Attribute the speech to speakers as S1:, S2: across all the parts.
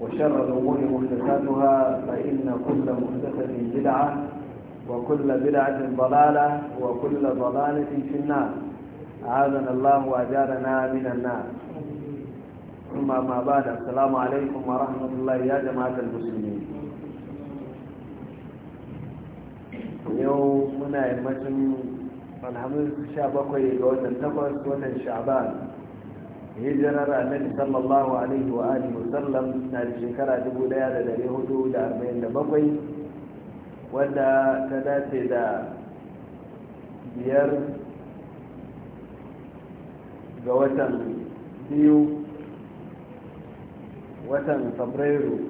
S1: وشر الأمور محدثاتها فإن كل محدثة بدعة وكل بدعة ضلالة وكل ضلالة في النار أعاذنا الله وأجارنا من النار ثم ما بعد السلام عليكم ورحمة الله يا جماعة المسلمين يوم منا يمتن الحمد لله شابك ويقول التقوى شعبان hijirar annabi sallallahu alaihi wa alihi wasallam na da shekara 1447 wadda ta dace da biyar ga watan biyu watan fabrairu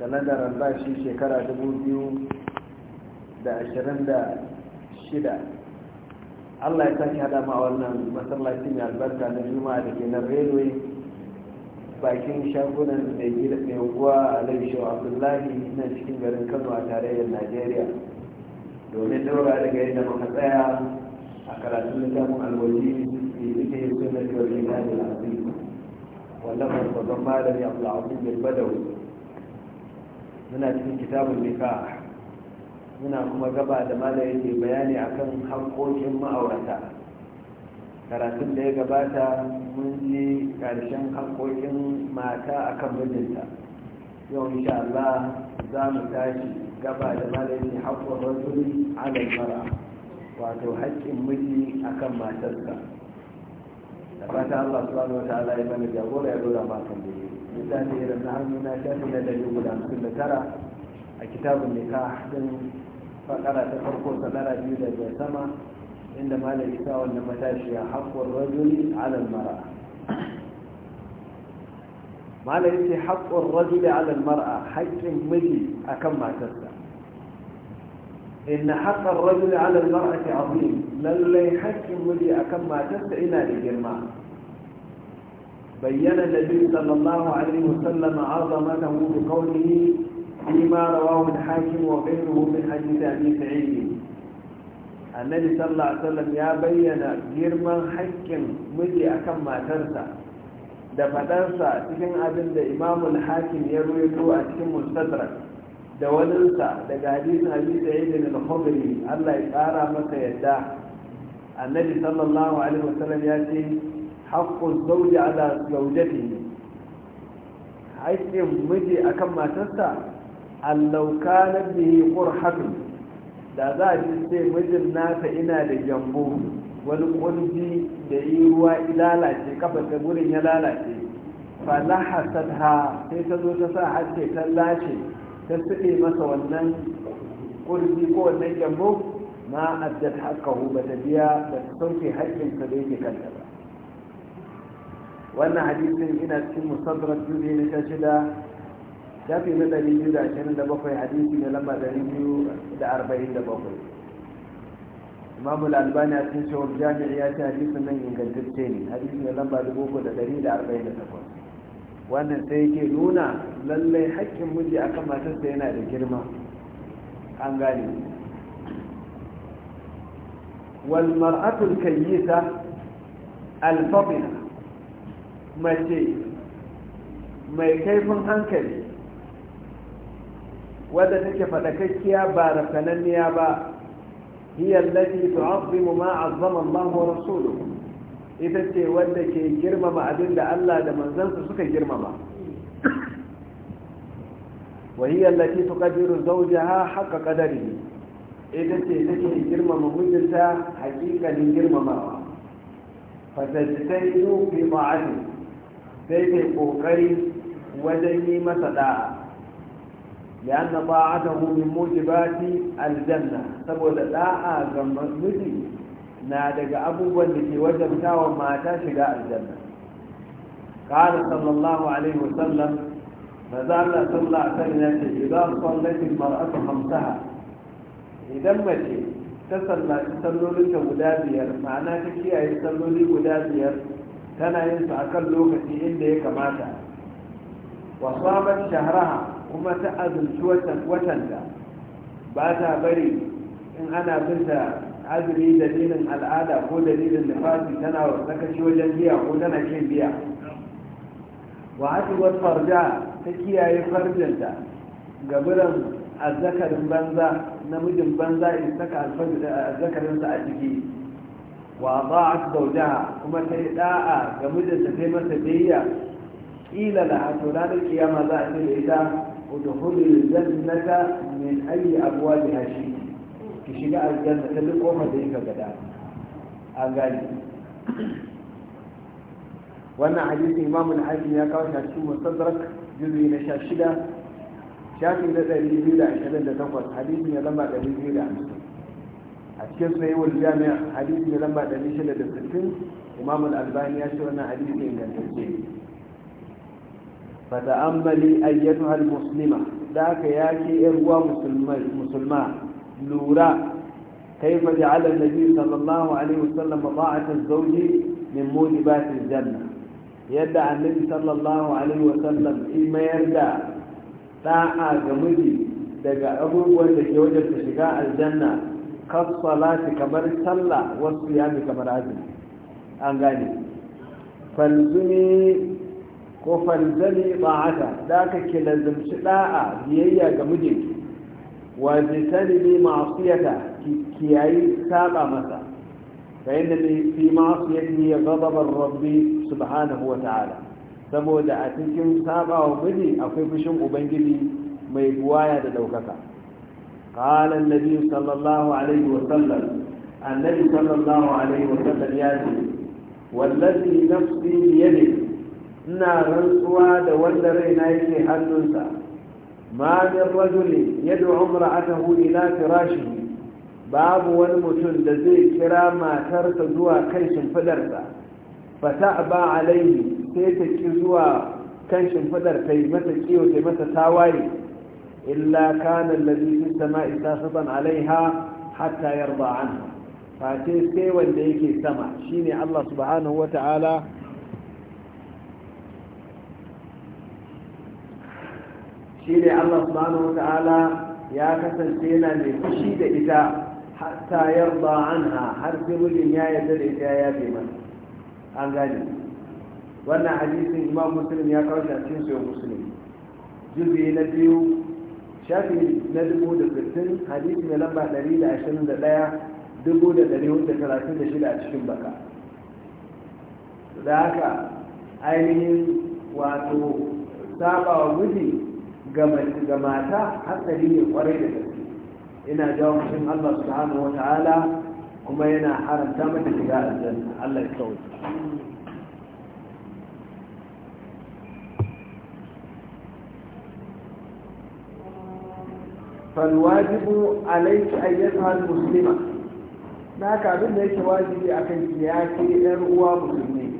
S1: kalandar bashi shekara 2026 Allah ya sake hada ma wannan masallaci mai albarka na juma'a da ke nan railway bakin shagunan da ke da mai unguwa a laifishin abdullahi na cikin garin kano a tarayyar najeriya domin daura daga yadda muka tsaya a karatun littafin alwaji da suke yi suna kyautar da al'adu wannan babban malami abdullahi bin badawi muna cikin kitabun a muna kuma gaba da mala yake bayani akan haƙoƙin ma'aurata karatun da ya gabata mun ji ƙarshen haƙoƙin mata akan mijinta yau insha Allah za mu tashi gaba da mala yake haƙoƙin rajuli ala mara wato haƙƙin miji akan matarsa da fata Allah subhanahu wa ta'ala ya bani jagora ya dora ma kan da yi misali irin na hannu na shafi na dari guda da tara a kitabun nikah din fakara ta farko sadara biyu daga sama inda malam isa wannan matashiya haƙƙun rajuli alal mara malam yace haƙƙun rajuli alal mara haƙƙin miji akan matarsa inna haƙƙar rajuli alal mara ta azim lallai haƙƙin miji akan matarsa ina da girma bayyana da biyu, sallallahu alaihi wasallam azamatahu bi qawlihi ما رواه الحاكم وغيره من حديث أبي سعيد النبي صلى الله عليه وسلم يا بينا جرما حكم مجي أكم ما ترسى da fadarsa cikin abin da imamul hakim ya ruwaito a cikin mustadrak da waninsa daga hadisin abi sa'idin al-khudri Allah ya tsara masa yadda annabi sallallahu alaihi wasallam ya ce haqqu zawji ala zawjatihi haƙƙin miji akan matarsa allauka na bihi ƙurhatun da za a ce mijin nasa ina da gyambo wani ƙungi da yi ruwa lalace kafa ta gurin ya lalace falahasat ha sai ta zo ta sa hace ta lace ta suɗe masa wannan ƙungi ko wannan gyambo ma addad haƙƙahu ba ta biya da ta sauke ka da yake kanta ba wannan hadisin ina cikin musadrar juzi na ta shida shafi na ɗari biyu da ashirin da bakwai hadisi na lamba ɗari biyu da arba'in da bakwai imamul albani a cikin shawar jami'a ya ce hadisin nan ingantacce ne hadisi na lamba dubu uku da ɗari da arba'in da takwas wannan sai yake nuna lallai haƙƙin miji akan matarsa yana da girma an gane wal mar'atul kayyisa al mace mai kaifin hankali wadda take fadakakkiya ba rasananniya ba hiya allati tu'azzimu ma 'azzama Allah wa rasuluhu ita ce wadda ke girmama abin da Allah da manzansa suka girmama wa hiya allati tuqaddiru zawjaha haqqa qadarihi ita ce take girmama mijinta haƙiƙanin girmamawa fatajtaidu fi ma'ani sai ta kokari wajen yi masa da'a لأن طاعته من موجبات الجنة سبب لا أعظم مثلي نادق أبو التي وجبتا وما تشقى الجنة قال صلى الله عليه وسلم فزال صلى الله عليه وسلم إذا صلت المرأة خمسها إذا مشي تسلى تسلل كودابير معناه تكي أي تسلل كودابير كان ينسى أكل لوكتي في ديك ماتا وصابت شهرها kuma ta azumci watanta ba ta bari in ana binta azumi dalilin al'ada ko dalilin nufasi tana sakaci wajen biya ko tana shan biya wa hasibar farja ta kiyaye farjinta gaburan azzakarin banza namijin banza in saka eh, azzakarinsa a ciki wa ba'at zaujaha kuma ta yi ɗa'a, ga mijinta ta yi masa biyayya kila da hato ranar kiyama za a ce da ita udkhulu al-jannata a ayi abwabiha shi ki shiga aljanna ta duk kofar da yake gada an wannan hadisi imamu al ya kawo shi cikin mustadrak juzu'i na 16 shafi na 228 hadisin ya lamba 250 a cikin sayiwar jami'a hadisi ya lamba 660 imam al-albani ya ce wannan hadisi ingantacce ne fata'ammali ayyatuhal muslima da aka yake yarwa musulma lura kaifa ja'ala an-nabi sallallahu alaihi wasallam ta'ata zawji min mujibat janna yadda annabi sallallahu alaihi wasallam in mayar da da'a ga miji daga abubuwan da ke wajen ta shiga aljanna kan salati kamar sallah wasu yami kamar azumi an gane falzumi ko falzami ba'ata da ka ki lazumci da'a biyayya ga mijinki wa ne ma'asiyata ki kiyayi saba masa fa inna fi ma'asiyati ghadaban rabbi subhanahu wa ta'ala saboda a cikin saba wa miji akwai fushin ubangiji mai buwaya da daukaka qala annabi sallallahu alaihi wa sallam annabi sallallahu alaihi wa sallam ya ce wallazi nafsi biyadihi ina rantsuwa da wanda raina yake hannunsa ma min rajuli yad'u imra'atahu ila firashihi babu wani mutum da zai kira matarsa zuwa kan shimfidarsa fata ba alaihi sai ta ki zuwa kan shimfidar ta yi masa kiyo ta mata tawaye illa kana allazi fi sama'i sasatan alaiha hatta yarda anha fa sai wanda yake sama shine Allah subhanahu Ta'ala. shi ne allah subhanahu wa ta'ala ya kasance yana mai fushi da ita hatta yarda anha har sai mijin ya yarda da ita ya bi mata an gane wannan hadisin imam muslim ya kawo shafin sayo muslim juzi na biyu shafi na dubu da sittin hadisi mai lamba ɗari da ashirin da ɗaya dubu da ɗari hudu da talatin da shida a cikin baka da haka ainihin wato saba wa miji ga mata hatsari ne kwarai da gaske ina jawo fushin Allah subhanahu wa ta'ala kuma yana haramta mata shiga aljanna Allah ya kawo فالواجب عليك أيتها المسلمة هناك أبدا ليس واجب أكن سياكي إرؤوا مسلمين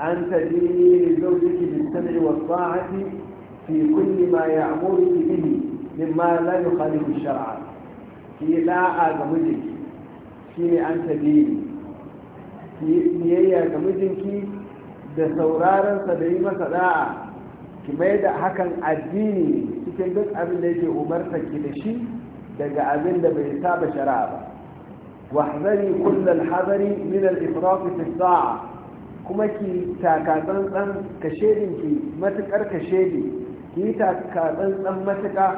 S1: أن تديني لزوجك بالسمع والطاعة في كل ما يأمرك به مما لا يخالف الشرع في لا أغمدك في أنت ديني في بيئة أغمدك da saurarensa da yi masa da'a ki mai da hakan addini cikin duk abin da yake umarta ki da shi daga abin da bai saba shari'a ba wahzari kullal hadari min al ifrat fi sa'a kuma ki taka tsantsan ka shedin ki matukar ka kita yi tsantsan matuƙa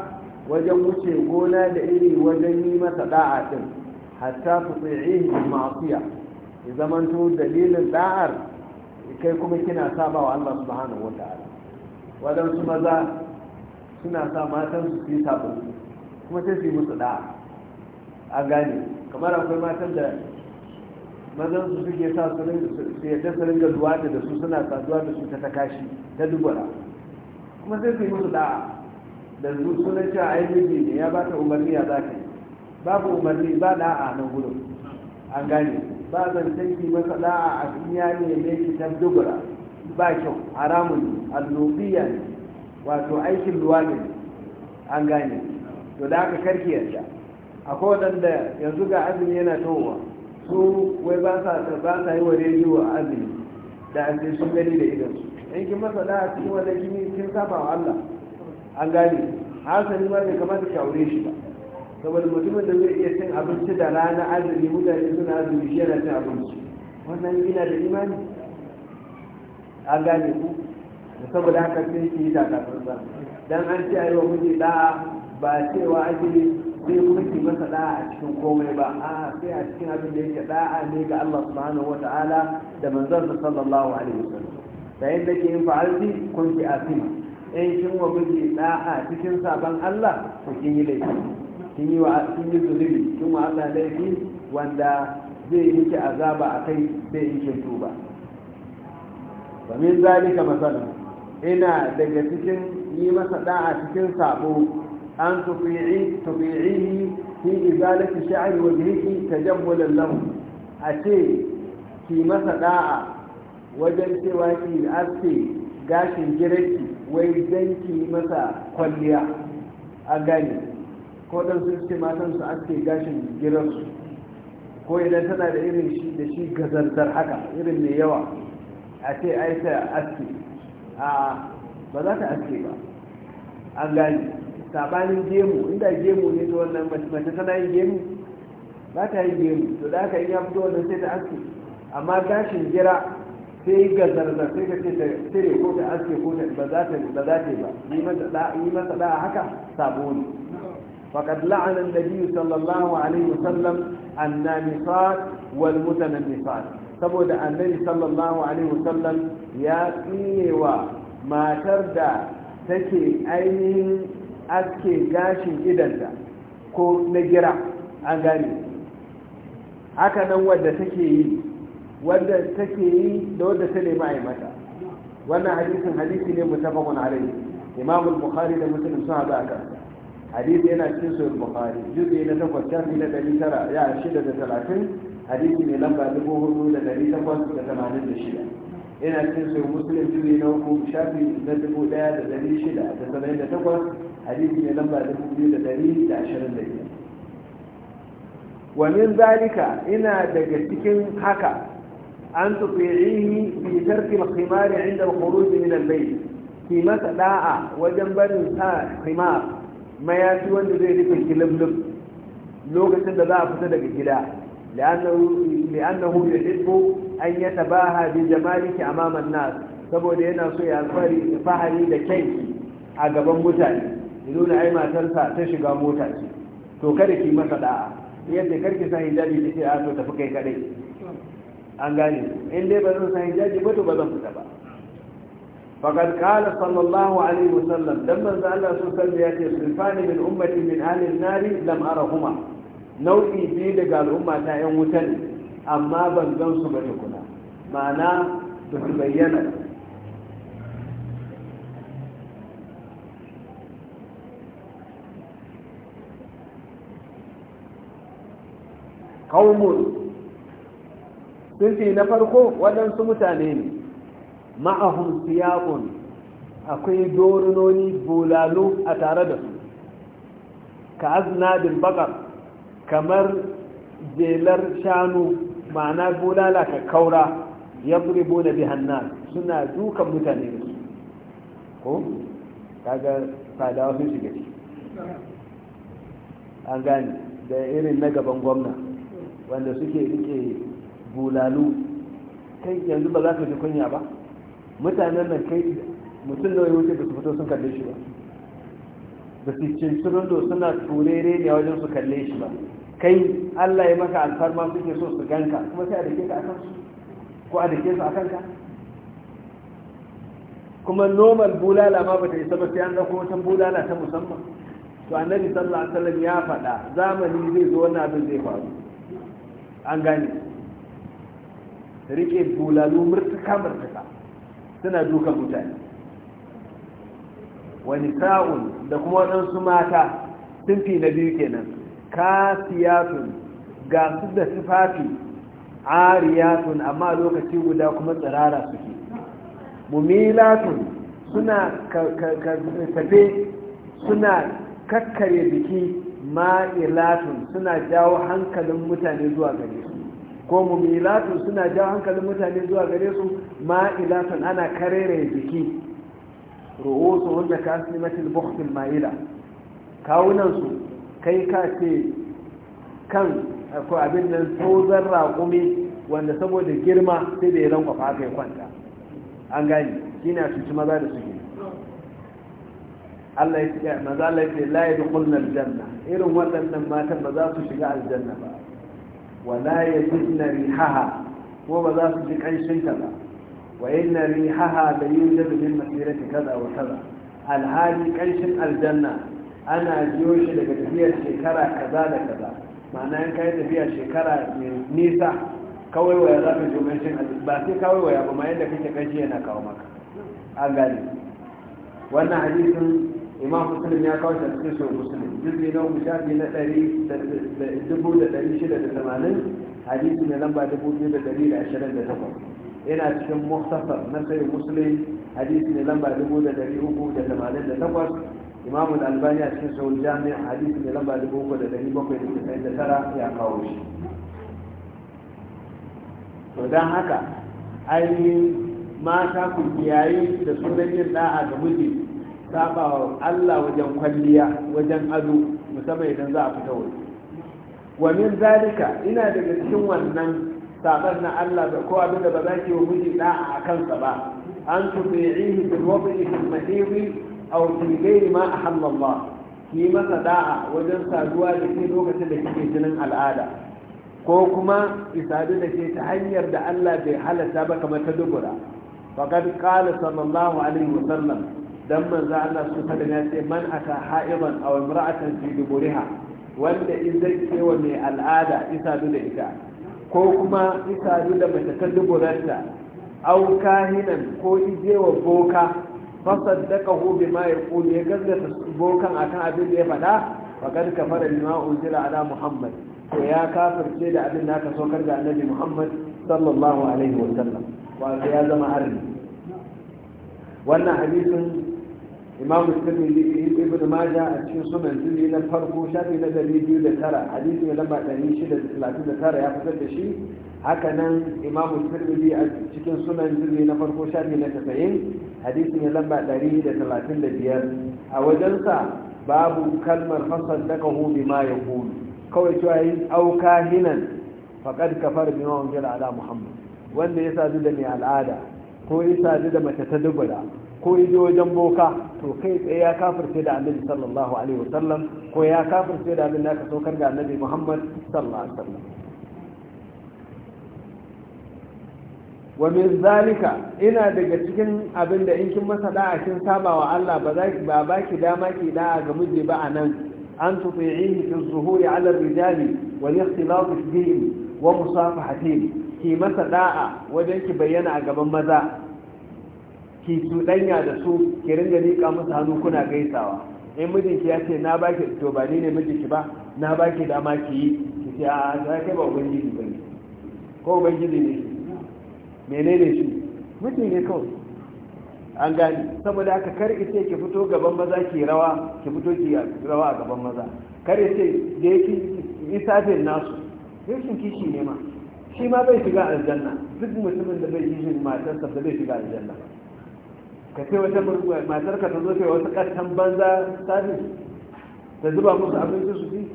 S1: wajen wuce gona da iri wajen yi masa da'a din hatta ku tsi'ihi ma'asiya ya to dalilin da'ar kai kuma kina saba wa Allah subhanahu wajen su maza suna sa matan su fi sabo kuma sai su yi musu da'a a gane kamar akwai matan da mazan su suke sa su yadda su ringa zuwa da su suna saduwa da su ta kashi ta dubara
S2: kuma sai su yi musu
S1: da'a da su sunan cewa yi jirgin ne ya ta umarni ya za ka yi babu umarni ba da'a nan gudun an gane ba zan tanki masa da'a a duniya ne shi ta dubura ba kyau haramun allubiya ne wato aikin ruwa ne an gane to da aka karki yarda akwai da yanzu ga azumi yana towa su wai ba sa yi wa rediyo a azumi da an sun gani da idansu in kin masa da a cikin wannan gini kin saba wa Allah an gane hasali ma bai kamata ki aure shi ba saboda mutumin da zai iya cin abinci da rana azumi mutane suna azumi shi yana cin abinci wannan gina da imani an gane ku Da saboda haka sai ki yi takatsantsa dan an ce ayi wa muke da ba cewa ake zai kuma ki masa da'a a cikin komai ba a sai a cikin abin da yake da'a ne ga Allah subhanahu ta'ala da manzon sallallahu alaihi wasallam sayin da ke yin fa'alti kun fi asima in kin wa miji da'a cikin saban Allah to kin yi laifi kin yi wa kin yi zulubi kin wa Allah laifi wanda zai yi miki azaba a kai sai yi kin tuba wa min zalika masala ina daga cikin yi masa da'a cikin sabo an tufi'i tufi'ihi fi izalati sha'ri wajhihi tajammulan lahu a ce ki masa da'a wajen cewa ki aske gashin gidanki wai zan ki masa kwalliya a gani ko dan sun ce matan su aske gashin su? ko idan tana da irin shi da shi gazantar haka irin mai yawa a ce ai ta aske a ba za ta aske ba an gani sabanin gemu inda gemu ne ta wannan mace tana yin gemu ba ta yin gemu to da aka yi ya fito wannan sai ta aske amma gashin gira sai ga zarza sai ka ce ta tire ko ta aske ko ta ba za ta ba za ta ba yi masa da yi masa da haka sabo ne faqad la'ana an-nabi sallallahu alaihi wasallam an-namisat wal mutanammisat saboda annabi sallallahu alaihi wasallam ya tsinewa matar da take ainihin aske gashin idanta ko na gira an gane haka nan wadda take yi wadda take yi da wadda ta nemi a yi mata wannan hadisin hadisi ne mutafakun alaihi imam al-bukhari da muslim sun haɗu a akan hadisi yana cikin sahih bukhari juzu na takwas shafi na ɗari tara ya shida da talatin hadisi ne lamba dubu hudu da ɗari takwas da tamanin da shida yana cikin sahih muslim juzu na uku shafi na dubu ɗaya da ɗari shida da saba'in da takwas hadisi ne lamba dubu biyu da ɗari da ashirin da biyar wa min zalika ina daga cikin haka an tufi'ihi fi tarki al-khimar 'inda al-khuruj min al-bayt ki masa wajen barin sa khimar mayafi wanda zai rufe kilablub lokacin da za a fita daga gida li'annahu yuhibbu an yatabaha bi jamaliki amama an-nas saboda yana so ya alfari fahari da kanki a gaban mutane nuna ai matarsa ta shiga mota ce to kada ki masa da'a yadda karki sa hijabi ta ce a tafi kai kadai an gane in dai ba zan san hijabi ba to ba zan fita ba faqad qala sallallahu alaihi wasallam dan manzo Allah sun sallu ya ce sulfani min ummati min ahli an-nari lam arahuma nau'i biyu daga al'umma ta yan wutan amma ban gan su ba tukuna ma'ana to su bayyana qaumun sirri na farko waɗansu mutane ne ma'ahun siyakun akwai dorinoni bulalu a tare da su ka aznadin baƙar kamar jelar shanu mana bulala ka kaura ya furibo na bihanna suna dukan mutane da su ko kaga fadawa sun shiga ciki an gani da irin na gaban gwamna wanda suke rike bulalu kai yanzu ba za ka ji kunya ba mutanen nan kai mutum da wani wuce da su fito sun kalle shi ba da su cincirundo suna turere ne wajen su kalle shi ba kai allah ya maka alfarma suke so su ganka kuma sai a dake ka akan su ko a dake su a kanka kuma normal bulala ma ba ta isa ba sai an dauko wata bulala ta musamman to annabi sallallahu alaihi wasallam ya faɗa zamani zai zo wannan abin zai faru an gane rike bulalu murtuka murtuka suna dukan mutane wani sa'un da kuma waɗansu mata sinfi na biyu kenan kasiyatun ga su da tufafi ariyatun amma lokaci guda kuma tsirara suke mumilatun suna tafe suna kakkare biki ma'ilatun suna jawo hankalin mutane zuwa gare su ko mumilatu suna jawo hankalin mutane zuwa gare su ma'ilatan ana karere jiki su wanda ka asimatin bukhtin ma'ila kawunan su kai ka ce kan ko abin nan tozon raƙumi wanda saboda girma sai da ya rankwafa aka yi kwanta an gani shi ne a cuci maza da suke Allah ya ce maza Allah ya ce la ya aljanna irin waɗannan matan ba za su shiga aljanna ba wala ya yajidna rihaha ko ba za su ji kanshin ta ba wa inna rihaha da la yujad min masirati kaza wa kaza alhali kanshin aljanna ana jiyo shi daga tafiyar shekara kaza da kaza ma'ana in kai tafiya shekara mai nisa kawai waya za ka jomin shin ba sai kawai waya ba ma yadda kake kashi yana kawo maka an gane wannan hadisin imam muslim ya kawo shi a cikin sun muslim jirgi na uku shafi na ɗari dubu da ɗari shida da tamanin hadisi na lamba dubu biyu da ɗari da ashirin da takwas yana cikin muhtasar na sayin muslim hadisi ne lamba dubu da ɗari uku da tamanin da takwas imam al albani a cikin sahul jami'a hadisi ne lamba dubu uku da ɗari bakwai da tasirin da tara ya kawo shi to don haka ainihin mata ku da sunan yin da'a ga miji saba wa Allah wajen kwalliya wajen ado musamman idan za a fita waje wa min zalika ina daga cikin wannan saban na Allah da ko abin da ba za ki wa miji da'a a kansa ba an tuti'ihi bil wad'i fil mahidi aw fi ghairi ma ahalla Allah ki masa da'a wajen saduwa da ke lokacin da kike jinin al'ada ko kuma isadu da ke ta hanyar da Allah bai halatta ba kamar ta dubura faqad qala sallallahu alaihi wa sallam dan manzo Allah su fada ya ce man ata ha'iban aw imra'atan fi duburiha wanda in zai wa mai al'ada isa da ita ko kuma isa da mace ta duburarta aw kahinan ko wa boka fasaddaqahu bima yaqulu ya gazzata bokan akan abin da ya faɗa kad kafara bima unzila ala muhammad to ya kafirce da abin da aka kar da annabi muhammad sallallahu alaihi wa sallam wa ya zama harin wannan hadisin imamu tirmidhi ibn maja a cikin sunan tirmidhi na farko shafi na dari biyu da tara hadisi na lamba ɗari shida da talatin da tara ya fitar da shi haka nan imamu tirmidhi a cikin sunan tirmidhi na farko shafi na tasa'in hadisi na lamba ɗari da talatin da biyar a wajensa babu kalmar fasal daga hu ma ya kawai cewa yin auka hinan faƙad kafar bima unzila ala muhammad wanda ya sadu da mai al'ada ko ya sadu da mace ta dubura ko ya je wajen boka to kai tsaye ya kafirce da annabi sallallahu alaihi wasallam ko ya kafirce da abin da aka saukar da annabi muhammad sallallahu alaihi wasallam wa min zalika ina daga cikin abin da in kin masa da'a kin saba wa Allah ba za ba baki dama ki da'a ga miji ba anan an tuti'ihi fi zuhuri 'ala ar-rijali wa ikhtilat bihim wa musafahatihim ki masa da'a wajen ki bayyana a gaban maza ki cuɗanya da su ki ringa miƙa musu hannu kuna gaisawa in mijinki ya ce na ba ki to ba ni ne mijinki ba na ba ki dama ki yi ki ce a ta kai ba ubangiji ba ne ko ubangiji ne shi menene shi Mijin ne kawai an gani saboda haka kar ita ki fito gaban maza ki rawa ki fito ki rawa a gaban maza kar ce da yake isafin nasu rashin kishi ne ma shi ma bai shiga aljanna duk mutumin da bai kishin matarsa da bai shiga aljanna ba ka ce wata matar ka ta zo ce wasu ƙarfin banza tafi ta zuba musu abinci su ci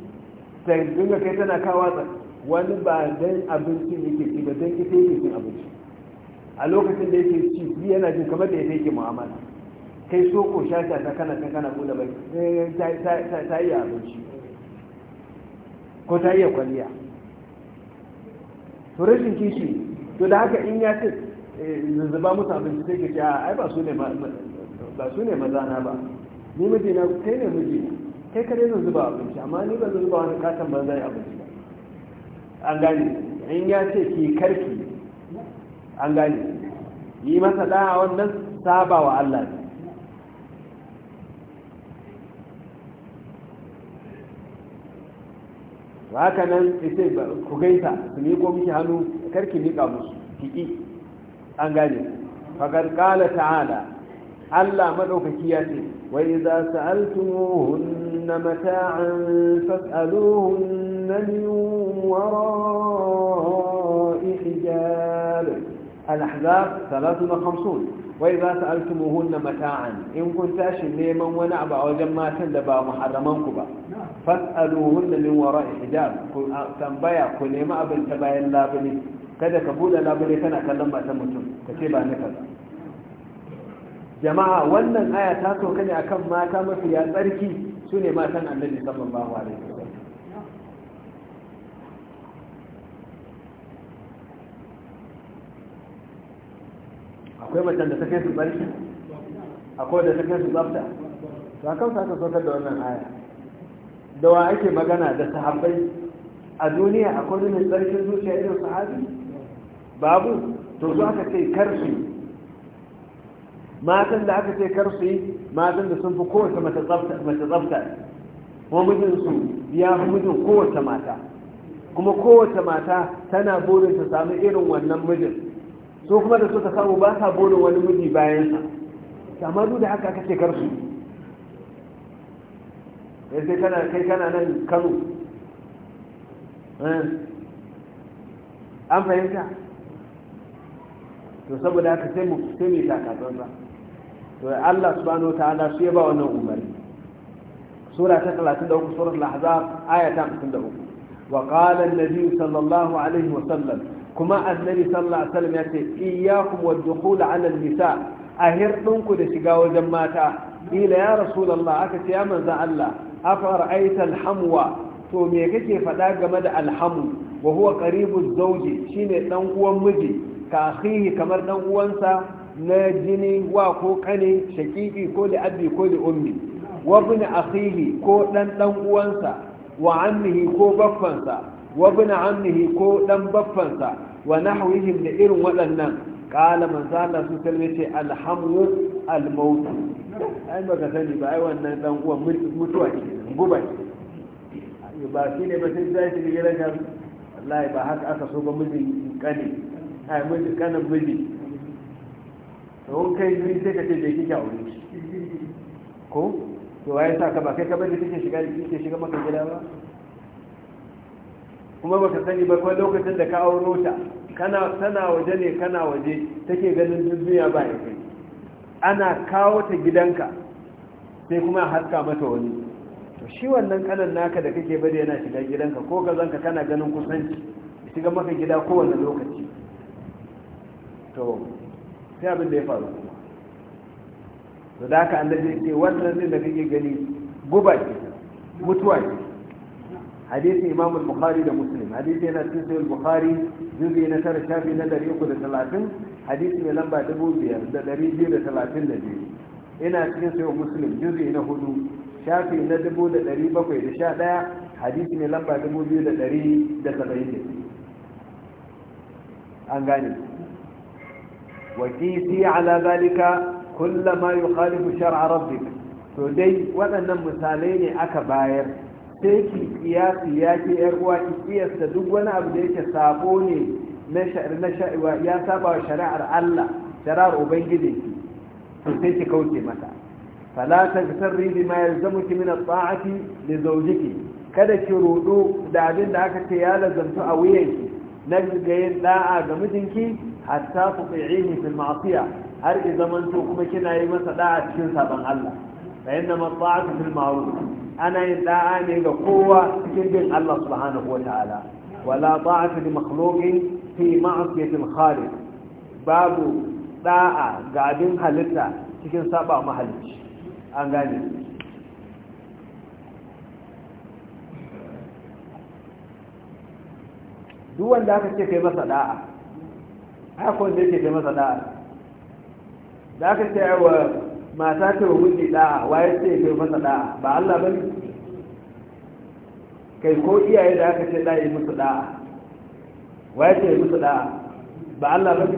S1: ta dinga kai tana kawatsa wani ba don abinci ke ci ba don ita yake cin abinci a lokacin da yake ci yana jin kamar da ita yake mu'amala kai so ko shata ta kana kan kana bude bai eh, ta iya abinci ko ta iya kwalliya to rashin kishi to da haka in ya ce zuzzuba musu abinci sai ka ce a ai ba su ne mazana ba ni miji na kai ne miji kai kare zuzzuba abinci amma ni ba zuzzuba wani katon ban zai abinci ba an gani in ya ce ki karki an gani yi masa ɗaya wannan saba wa Allah ne haka nan ita ku gaisa su miƙo miki hannu karki miƙa musu kiki an gane fagar kala ta'ala Allah maɗaukaki ya ce wa idza sa'altumuhunna mata'an fas'aluhunna min wara'i hijab al-ahzab 53 wai za su altumuhun na mata'an in kun tashi neman wani abu a wajen matan da ba muharramanku ba fas'aluhun na min wara hijab ku tambaya ku nemi abin ta bayan labule kada ka buɗe labule kana kallon matan mutum ka ce ba ni kaza jama'a wannan aya ta soka a akan mata ya tsarki su ne matan annabi sallallahu alaihi wasallam akwai matan da ta kai su tsarki akwai da ta kai su tsafta to akan sa ka sokar da wannan aya da wa ake magana da sahabbai a duniya akwai ne tsarkin zuciya irin sahabi babu to su aka ce karfi matan da aka ce karfi matan da sun fi kowace mace tsafta kuma mijinsu ya fi mijin kowace mata kuma kowace mata tana burin ta sami irin wannan mijin su kuma da suka samu ba sa burin wani miji bayansa amma duk da haka aka ce karfi sai kana kai kana nan kano eh. an fahimta to saboda haka sai mu sai mu takatsan ba to Allah subhanahu wataala shi ya ba wannan umarni sura ta 33 surat al-ahzab aya ta 53 wa qala an-nabi sallallahu alaihi wa sallam kuma annabi sallallahu alaihi wa sallam ya ce iyyakum wad-dukhul 'ala an-nisa ahirdunku da shiga wajen mata ila ya rasulullah aka ce ya manzo Allah afara'aita al-hamwa to me kake faɗa game da alhamu wa huwa qaribuz zawji shine dan uwan miji ka kamar dan uwansa na jini wa ko kane shaqiqi ko li abi ko li ummi wa ibn akhihi ko dan dan uwansa wa ammihi ko baffansa wa ibn ammihi ko dan baffansa wa nahwihim da irin waɗannan qala man zalla su kalme ce alhamu almaut ai sani ba ai wannan dan uwan mutuwa ne guba ba shi ne ba sai zai shi gidan Allah ba haka aka so ba mijin kane a miji kanin miji to kai ni sai ka ce je kike aure ko to waye sa ka ba kai ka bari kike shiga kike shiga maka gida ba kuma ba ka sani ba kuma lokacin da ka auro ta kana tana waje ne kana waje take ganin duniya ba ya kai ana kawo ta gidanka sai kuma haska mata wani to shi wannan kanan naka da kake bari yana shiga gidanka ko ka zanka kana ganin kusanci shiga maka gida kowane lokaci to sai abin da ya faru kuma da da haka annabi ce wannan zai da kake gani guba ce mutuwa ce hadisi imam al-bukhari da muslim hadisi yana cikin sahih al-bukhari juzi na tara shafi na 330 hadisi mai lamba biyu ina cikin sahih muslim juzi na hudu shafi na 711 hadisi mai lamba 2270 an gane وقيسي على ذلك كل ما يخالف شرع ربك to dai waɗannan misalai ne aka bayar sai ki kiyasi ya ke yar uwa ki kiyasta duk wani abu da yake sabo ne na ya saba wa shari'ar Allah shari'ar ubangiji ki to sai kauce mata fala tagsarri bima yalzamuki min at-ta'ati li zawjiki kada ki ruɗu da abin da aka ce ya lazantu a wuyanki na ga yin da'a ga mijinki hatta tuti'ihi fil ma'siyah har ki zamanto kuma kina yi masa da'a cikin saban Allah fa inna mata'atu fil ma'ruf ana yin da'a ne ga kowa cikin bin Allah subhanahu wata'ala wala ta'atu li makhluqin fi ma'siyati al khaliq babu da'a ga abin halitta cikin saba mahalicci an gane duk wanda aka ce kai masa da'a hakon da yake da masa da'a da aka ce wa mata ta wa miji da'a waye ce kai masa da'a ba Allah ba ne kai ko iyaye da aka ce yi musu da'a waye ce musu da'a ba Allah ba ne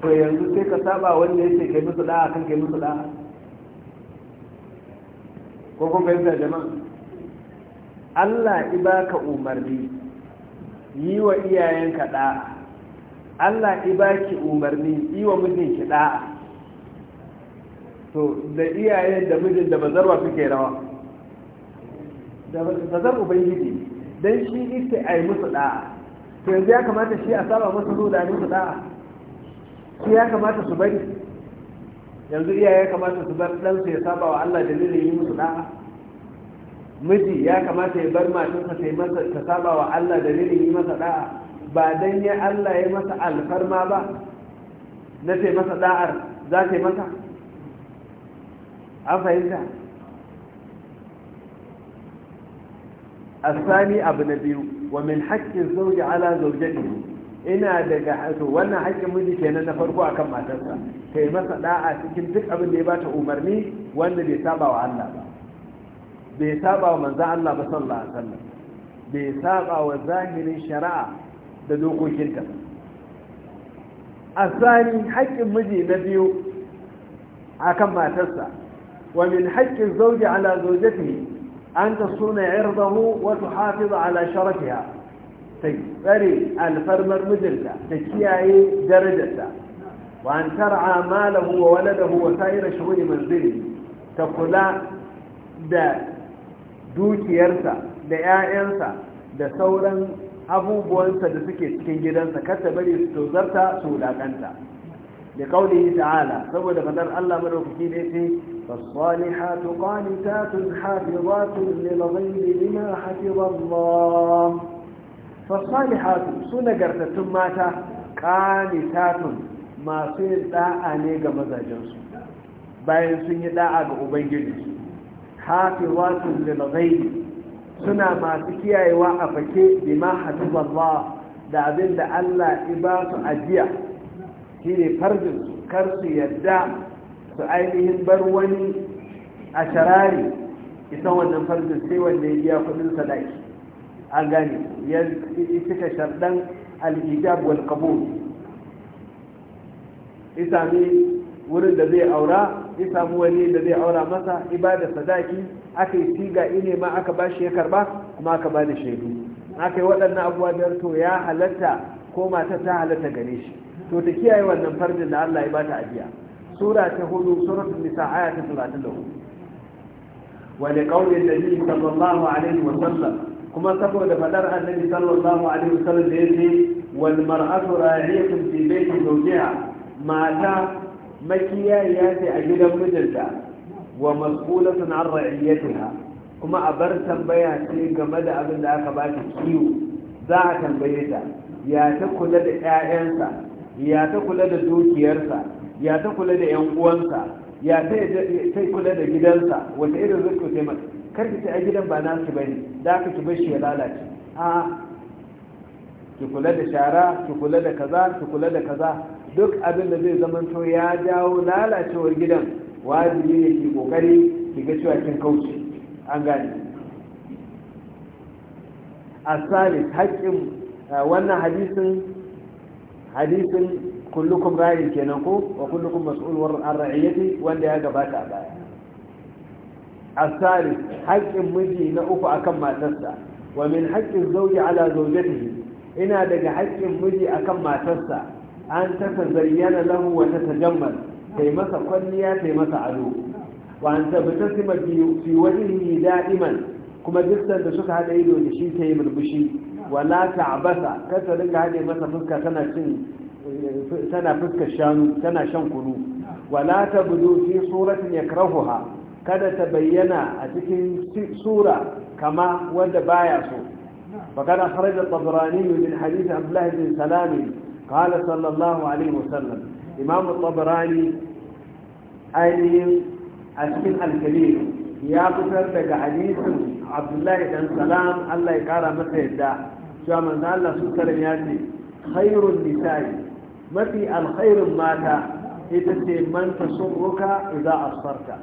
S1: to yanzu sai ka saba wanda yake kai musu da'a kan kai musu da'a ko kun fahimta jama'a Allah ibaka umarni yi wa iyayenka da'a Allah ibaki umarni yi wa mijin ki da'a to da iyayen da mijin da bazarwa suke rawa da bazar ubangiji dan shi ita ai musu da'a to yanzu ya kamata shi a saba musu zo da musu da'a shi ya kamata su bari yanzu iyaye kamata su bar su ya saba wa Allah dalilin yi musu da'a miji ya kamata ya bar matarsa ta saba wa Allah dalilin yi masa da'a ba dan ya Allah ya masa alfarma ba na ta masa da'ar za ta masa an fahimta A abu الثاني أبو نبي ومن حق الزوج على زوجته ina daga hato wannan haƙƙin miji kenan na farko akan matarsa yi masa da'a cikin duk abin da ya bata umarni wanda bai saba wa Allah ba bai saba wa manzon Allah ba sallallahu alaihi wasallam bai saba wa zahirin shari'a da dokokinta asani haƙƙin miji na biyu akan matarsa wa min haƙƙin zauji ala zaujatihi an ta suna irdahu wa tuhafiz ala sharafiya ta tsare alfarmar mijinta ta kiyaye darajarta wa an tar'a malahu wa waladahu wa sa'ira shughuli manzili ta kula da dukiyarsa da 'ya'yansa da sauran abubuwansa da suke cikin gidansa kar ta bari su tozarta su wulaƙanta da kauli ta'ala saboda fadar Allah madaukaki ne sai fasalihatu qanitatun hafizatun lil ghaibi bima hafiza Allah fasalihatu sunagartatun mata qanitatun masu yin da'a ne ga mazajensu bayan sun yi da'a ga ubangiji hafizatun lil ghaibi suna masu kiyayewa a fake bima hafizallah da abin da Allah ya su ajiya shine farjin su kar su yadda su ainihin bar wani a sharari isa wannan farjin sai wanda ya biya kudin sadaki an gane ya cika sharɗan al wal qabul isa ne wurin da zai aura isa mu wani da zai aura masa ibada sadaki aka yi siga ine ma aka ba shi ya karba kuma aka ba da shaidu aka yi waɗannan abubuwa biyar to ya halatta ko mata ta halatta gare shi to ta kiyaye wannan farjin da Allah ya ba ta ajiya sura ta hudu suratul nisa aya ta da 34 wa li qawli nabi sallallahu alaihi wa sallam kuma saboda fadar annabi sallallahu alaihi wa sallam da ya yake wal mar'atu ra'iyatun fi bayti zawjiha mata makiyaya ce a gidan mijinta wa mas'ulatun an ra'iyatiha kuma a bar tambaya ce game da abin da aka ba ta kiwo za a tambaye ta ya ta kula da ƴaƴansa ya ta kula da dukiyarsa ya ta kula da ƴan uwansa ya ta kula da gidansa wata irin zuwa ce mata kar ki a gidan ba na nasu bane da aka ki bar shi ya lalace a ki kula da shara ki kula da kaza ki kula da kaza duk abin da zai zama zamanto ya jawo lalacewar gidan wajibi ne ke kokari ki ga cewa kin kauce an gane asali haƙƙin eh, wannan hadisin hadisin kullukum ra'in kenan ko wa kullukum mas'ul an ra'iyati wanda ya gabata a baya asali haƙƙin miji na uku akan matarsa wa min haƙƙin zauji ala zaujatihi ina daga haƙƙin miji akan matarsa an ta zayyana lahu wa ta tajammal ta masa kwalliya ta masa ado wa an tabbata sima fi wajhihi da'iman kuma dukkan da suka haɗa ido da shi ta yi murmushi wala ta'basa kar ta dinga haɗe masa fuska tana cin tana fuskar shanu tana shan kunu wala tabdu fi suratin kada ta bayyana a cikin sura kama wanda baya so فقد أخرج الطبراني من حديث عبد الله بن سلام قال صلى الله عليه وسلم imam tabarani ainihin a cikin alkalir ya fitar daga hadisin abdullahi dan salam allah ya kara masa yadda cewa manzo allah su karin ya ce khairun nisa'i mafi alkhairun mata ita ce man tasurruka idza asfarta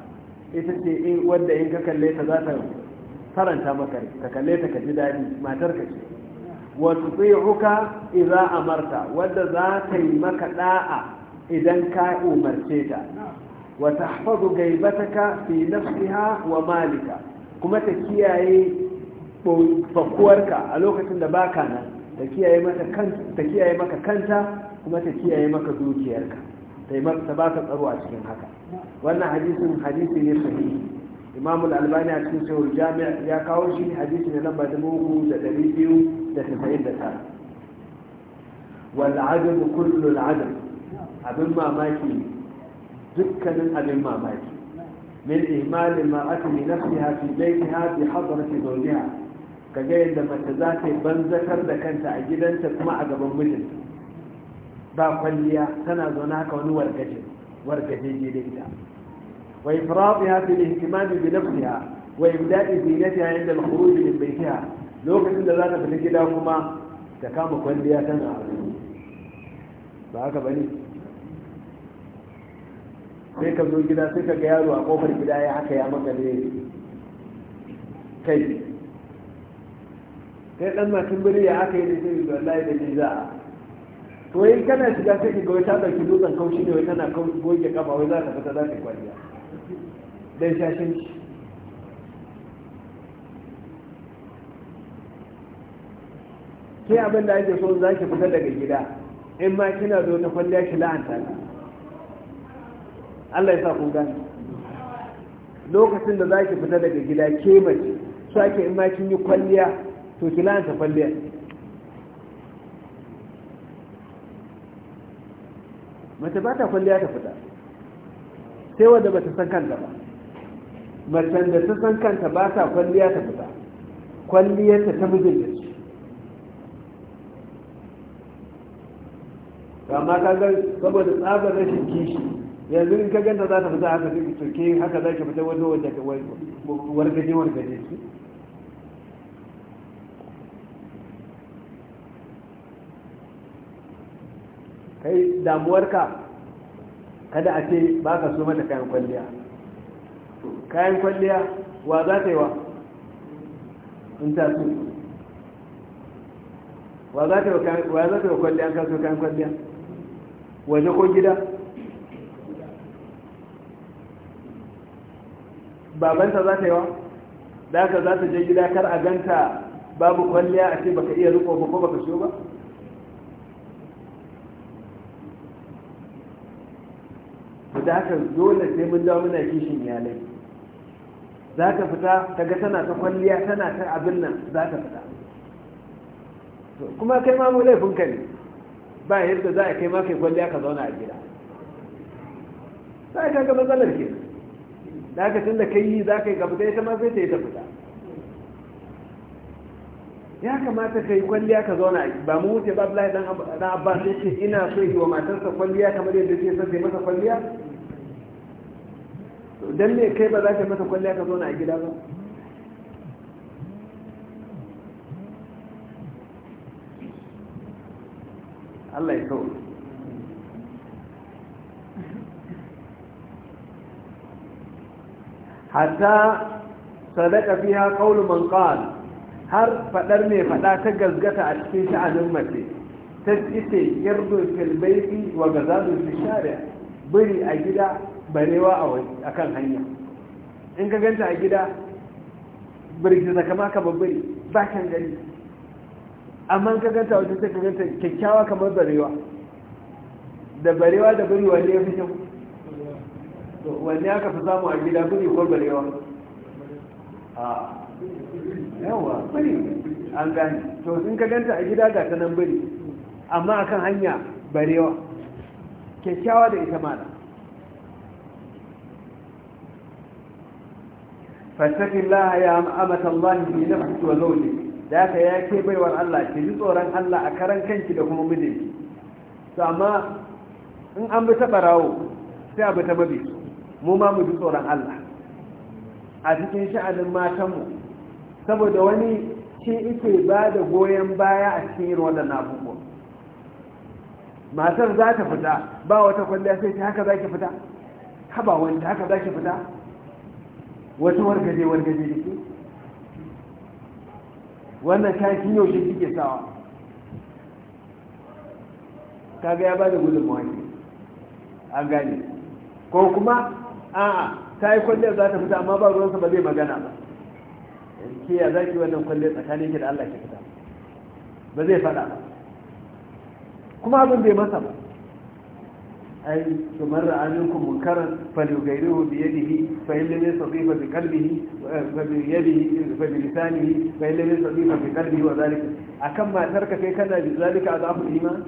S1: ita ce in wanda in ka kalle ta za ta faranta maka ka kalle ta ka ji daɗi matar ka ce wa tuti'uka idza amarta wanda za ta yi maka da'a idan ka umarce ta wa tahfazu gaibataka fi nafsiha wa malika kuma ta kiyaye fakuwarka a lokacin da baka nan ta kiyaye maka kanta kuma ta kiyaye maka dukiyarka ta yi maka baka tsaro a cikin haka wannan hadisin hadisi ne sahihi imam al-albani a cikin sahih jami'a ya kawo shi hadisi ne lamba 3299 wal adab kullu al abin mamaki dukkanin abin mamaki min imalin ma'atu min nafsiha fi baitiha bi hadrati Ka kaga yadda mace za ta banzatar da kanta a gidanta kuma a gaban mijinta ba kwalliya tana zaune haka wani wargaje wargaje gidanta wa ifradiha fi ihtimami bi nafsiha wa ibda'i zinatiha inda al-khuruj min baitiha lokacin da za ta fita gida kuma ta kama kwalliya tana ba haka bane sai ka zo gida sai ka ga yaro a kofar gida ya haka ya ne kai kai dan matin bari ya haka yi da zai wallahi da jiza to in kana shiga sai ka ga wata ki dutsen kaushi ne wai tana goge kafa wai za ka fita za ka kwaliya dan shashin shi ke abin da ake so za ki fita daga gida in ma kina zo ta kwalliya ki la'anta Allah ya sa ku gani lokacin da zaki fita daga gida ke mace su in ma kin yi kwalliya to ki lanta kwalliya mace ba ta kwalliya ta fita sai wadda ba ta san kanta ba mace da ta san kanta ba ta kwalliya ta fita kwalliyarta ta mijinta ce amma ga saboda tsabar rashin kishi yanzu in ka ganta za ta fita haka zai to ke haka za ki fita wani wanda ka wargaje wargaje su kai damuwarka kada a ce ba ka so mata kayan kwalliya kayan kwalliya wa za ta yi wa in ta so wa za ta yi wa kwalliya an so kayan kwalliya waje ko gida babanta za ta yi wa da haka za ta je gida kar a ganta babu kwalliya a ce baka iya riko ba ko baka shi ba da ka, dole sai mun dawo muna kishin iyalai za ka fita ka ga tana ta kwalliya tana ta abin nan za ka fita kuma kai ma mu laifinka ne ba yadda za a kai ma kai kwalliya ka zauna a gida sai ka ga matsalar kenan da haka tun da kai yi za ka yi gaba ita ma zai ta yi ta fita ya kamata ka yi kwalliya ka zauna ba mu wuce ba Abdullahi dan abba sai ce ina so yi wa matarsa kwalliya kamar yadda ce sai sai masa kwalliya dan ne kai ba za ka masa kwalliya ka zauna a gida ba Allah ya kawo hatta sadaka fiya qawlu man qala har fadar ne fada ta gazgata a cikin sha'anin mace ta ce yardu fil baiti wa gazadu fil shari'a biri a gida barewa a kan hanya in ka ganta a gida birgiza kama kamar biri ba kan gari. amma ka ganta wajen sai ka ganta kyakkyawa kamar barewa da barewa da biri wanda ya fi kyau to wanne aka fi samu a gida gudu ko barewa a
S2: yawa bari
S1: an gani to sun ka ganta a gida ga sanan bari amma akan hanya barewa kyakkyawa da ita mana fasafin laha ya amata Allah ne na fito zaune da aka ya ke baiwar Allah ke ji tsoron Allah a karan kanki da kuma mijinki to amma in an bi ta barawo sai abu ta mabi mu ma mu ji tsoron Allah a cikin sha'anin matanmu saboda wani shi ike ba da goyon baya a cikin irin na abubuwa matar za ta fita ba wata kwalliya sai ta haka za ki fita haba ta haka za ki fita wata wargaje wargaje da ke wannan kayan yaushe kike sawa kaga ya ba da gudunmawa an gane ko kuma a'a ta yi kwalliyar za ta fita amma ba ruwansa ba zai magana ba ke ya zaki wannan kwalliyar tsakanin ki da Allah ki fita ba zai faɗa ba kuma abin bai masa ba ai su marra aminkum munkaran falyughayyirhu bi yadihi fa in lam yastati bi qalbihi wa bi yadihi fa bi lisanihi fa in lam yastati bi qalbihi wa zalika akan matarka kai kana bi zalika azabu iman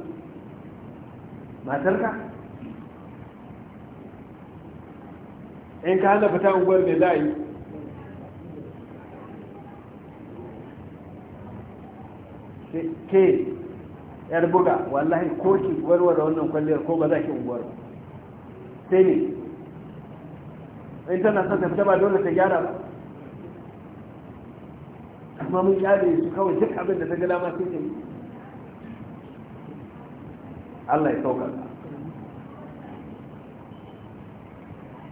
S1: matarka in ka hana fita unguwar mai za yi ke yar buga wallahi ko ki da wannan kwalliyar ko ba za ki unguwar sai ne in tana son ta fita ba dole ta gyara ba amma mun kyale su kawai duk abin da ta gala ma sai ta yi Allah ya sauka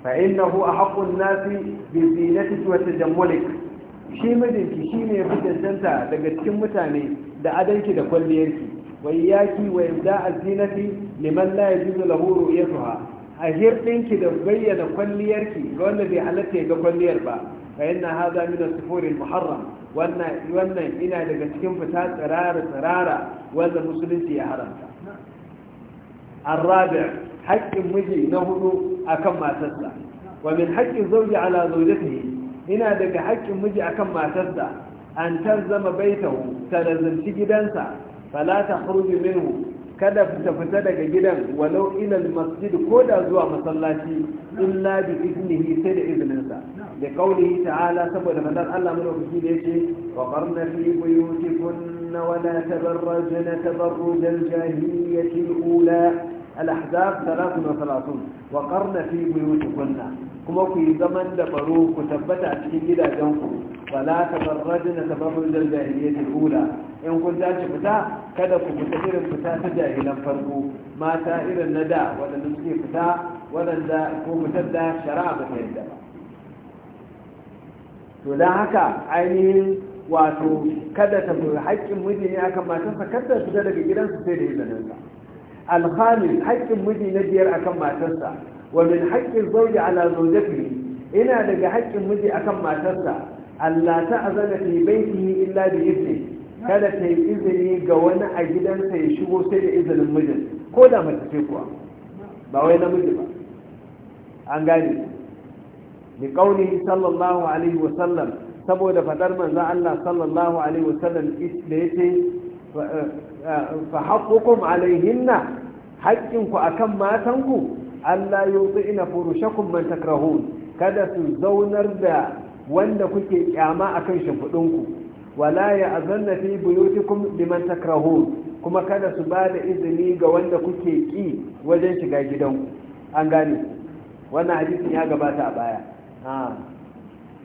S1: فإنه أحق الناس بزينتك وتجملك shi mijinki shi ne ya fi cancanta daga cikin mutane da adanki da kwalliyarki wa iyaki wa yamda azinati liman la yajuzu lahu ru'yatuha a hirdinki da bayyana kwalliyarki ga wanda bai halatta ya ga kwalliyar ba fa inna hadha min muharram wannan wannan ina daga cikin fita tsirara tsirara wanda musulunci ya haramta الرابع haƙƙin miji na hudu akan matarsa wa min haƙƙin zauji ala zaujatihi ina daga haƙƙin miji akan matarsa an tarzama baitahu ta nazarci gidansa fala ta khruju minhu kada ta fita daga gidan walau ila masjid ko da zuwa masallaci illa bi iznihi sai da izninsa da kaulihi ta'ala saboda fadar Allah madaukaki da yake wa qarna fi buyutikunna wa la tabarrajna tabarrujal jahiyyati al-ula الأحزاب ثلاث وثلاثون وقرن في بيوتكن كما في زمن دبرو كتبت أشكي إلى جنكم فلا تبرجن تبرج الجاهلية الأولى إن كنت أشفتا كذا كنت إلى الفتاة جاهلا فرقو ما إلى الندى ولا نسكي فتاة ولا ندى كمتدى شرابة يدى to don haka ainihin wato kada ta haƙƙin miji ne akan matarsa kada su daga gidansu sai da izininsa alhamis haƙƙin miji na biyar akan matarsa wa min haƙƙin zauji ala zaujatihi ina daga haƙƙin miji akan matarsa Allah ta azana bai baitihi illa bi izni kada ta yi izini ga wani a gidansa ya shigo sai da izinin mijin ko da mace ce kuwa ba wai namiji ba an gane bi kauni sallallahu alaihi wa sallam saboda fadar manzo Allah sallallahu alaihi wa sallam da yace fa haqqukum alaihinna haƙƙinku akan matanku Allah yuti'na furushakum man takrahun kada su zaunar da wanda kuke kyama akan shimfudinku wala ya'zanna fi buyutikum liman takrahun kuma kada su bada izini ga wanda kuke ki wajen shiga gidanku an gane wannan hadisin ya gabata a baya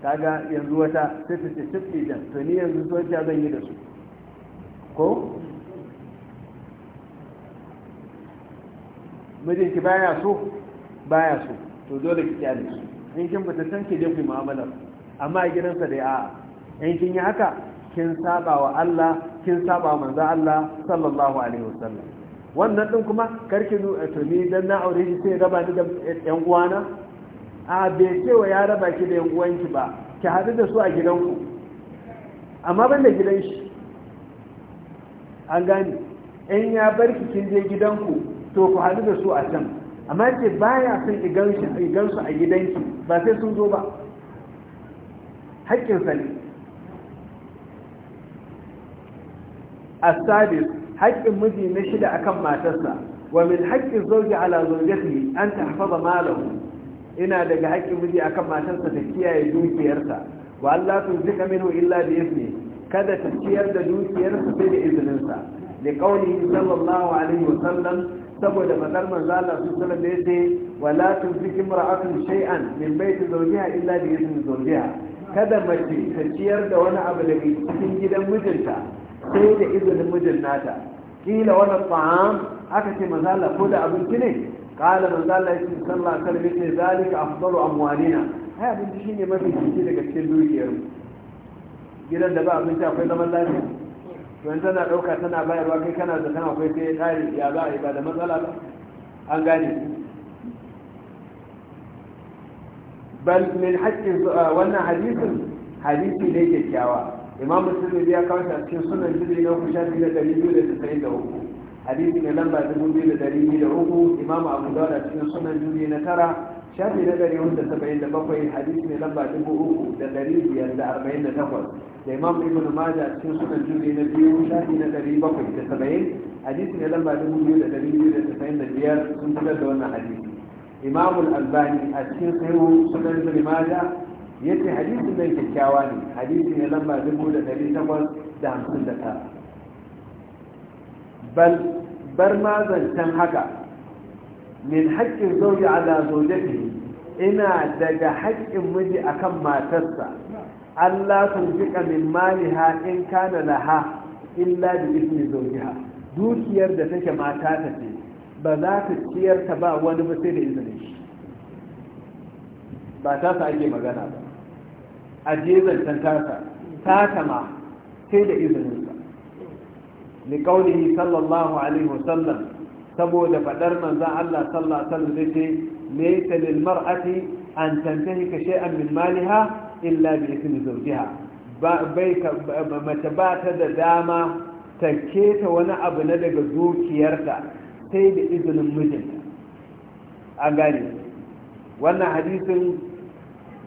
S1: kaga yanzu wata sifiti sifiti jan to ni yanzu zuciya zan yi da su ko mijinki baya so baya so to dole ki kyale shi in kin bata san ki je mu'amalar amma a gidansa dai a'a in kin yi haka kin saba wa Allah kin saba manzo Allah sallallahu alaihi wasallam wannan din kuma karki eh, to ni dan na aure shi sai raba ni da yan uwana a bai wa ya raba ki da yan uwanki ba ki haɗu da su a gidanku amma ban da gidan shi an gani in ya bar kin je gidanku to ku haɗu da su a can amma ce baya son igansu a gidanki ba sai sun zo ba haƙƙinsa ne a sabis haƙƙin miji na shida a kan matarsa wa min haƙƙin zauji ala zaujatihi an tahfaza malahu ina daga haƙƙin miji kan matarsa ta kiyaye dukiyarsa wa Allah tunzika minhu illa da ismi kada ta ciyar da dukiyarsa sai da izininsa li qawlihi sallallahu alaihi wa sallam saboda matsar manzo Allah su sallam da yace wala tunfiki imra'atun shay'an min baiti zawjiha illa bi izni zawjiha kada mace ta ciyar da wani abu daga cikin gidan mijinta sai da izinin mijin nata kila wani ta'am aka ce manzo Allah ko da abinci ne qala manzo Allah yace sallallahu alaihi wasallam yace zalika afdalu amwalina hai abinci shine mafi kici daga cikin dukiyar gidan da ba abinci akwai zaman lafiya wani tana dauka tana bayarwa kai kana da tana kai sai tsari ya za a yi ba da matsala ba an gane bal min haƙƙin wannan hadisin hadisi ne kyakkyawa imam musulmi ya kawo shi cikin sunan jirgin na kusha biyu da ɗari biyu da tasa'in da uku hadisi ne lamba dubu biyu da dari biyu da uku imam abu dawud a cikin sunan jirgin na tara shafi na ɗari hudu da saba'in da bakwai hadisi ne lamba dubu uku da dari biyar da arba'in da takwas da imam ibn majah cikin sunan juzi na biyu shafi na ɗari bakwai da saba'in hadisi ne lamba dubu biyu da ɗari biyu da saba'in da biyar sun fitar da wannan hadisi imam al-albani a cikin sahihu sunan ibn majah yace hadisin nan kyakkyawa ne hadisi ne lamba dubu da ɗari takwas da hamsin da tara bal bar ma zancen haka min haƙƙin zauji ala zaujatihi ina daga haƙƙin miji akan matarsa Allah sun jika min maliha in kana laha illa bi ismi zawjiha dukiyar da take mata ta ce ba za ta ciyar ta ba wani ba sai da izinin shi ba ta sa ake magana ba a jezantan tasa ta kama sai da izinin sa li qawlihi sallallahu alaihi wasallam saboda fadar manzan Allah sallallahu alaihi wasallam zai ce laysa lil mar'ati an tantahika shay'an min maliha illa bi ismi zawjiha bai mace ba ta da dama ta keta wani abu na daga dukiyarta sai da izinin mijinta an gane wannan hadisin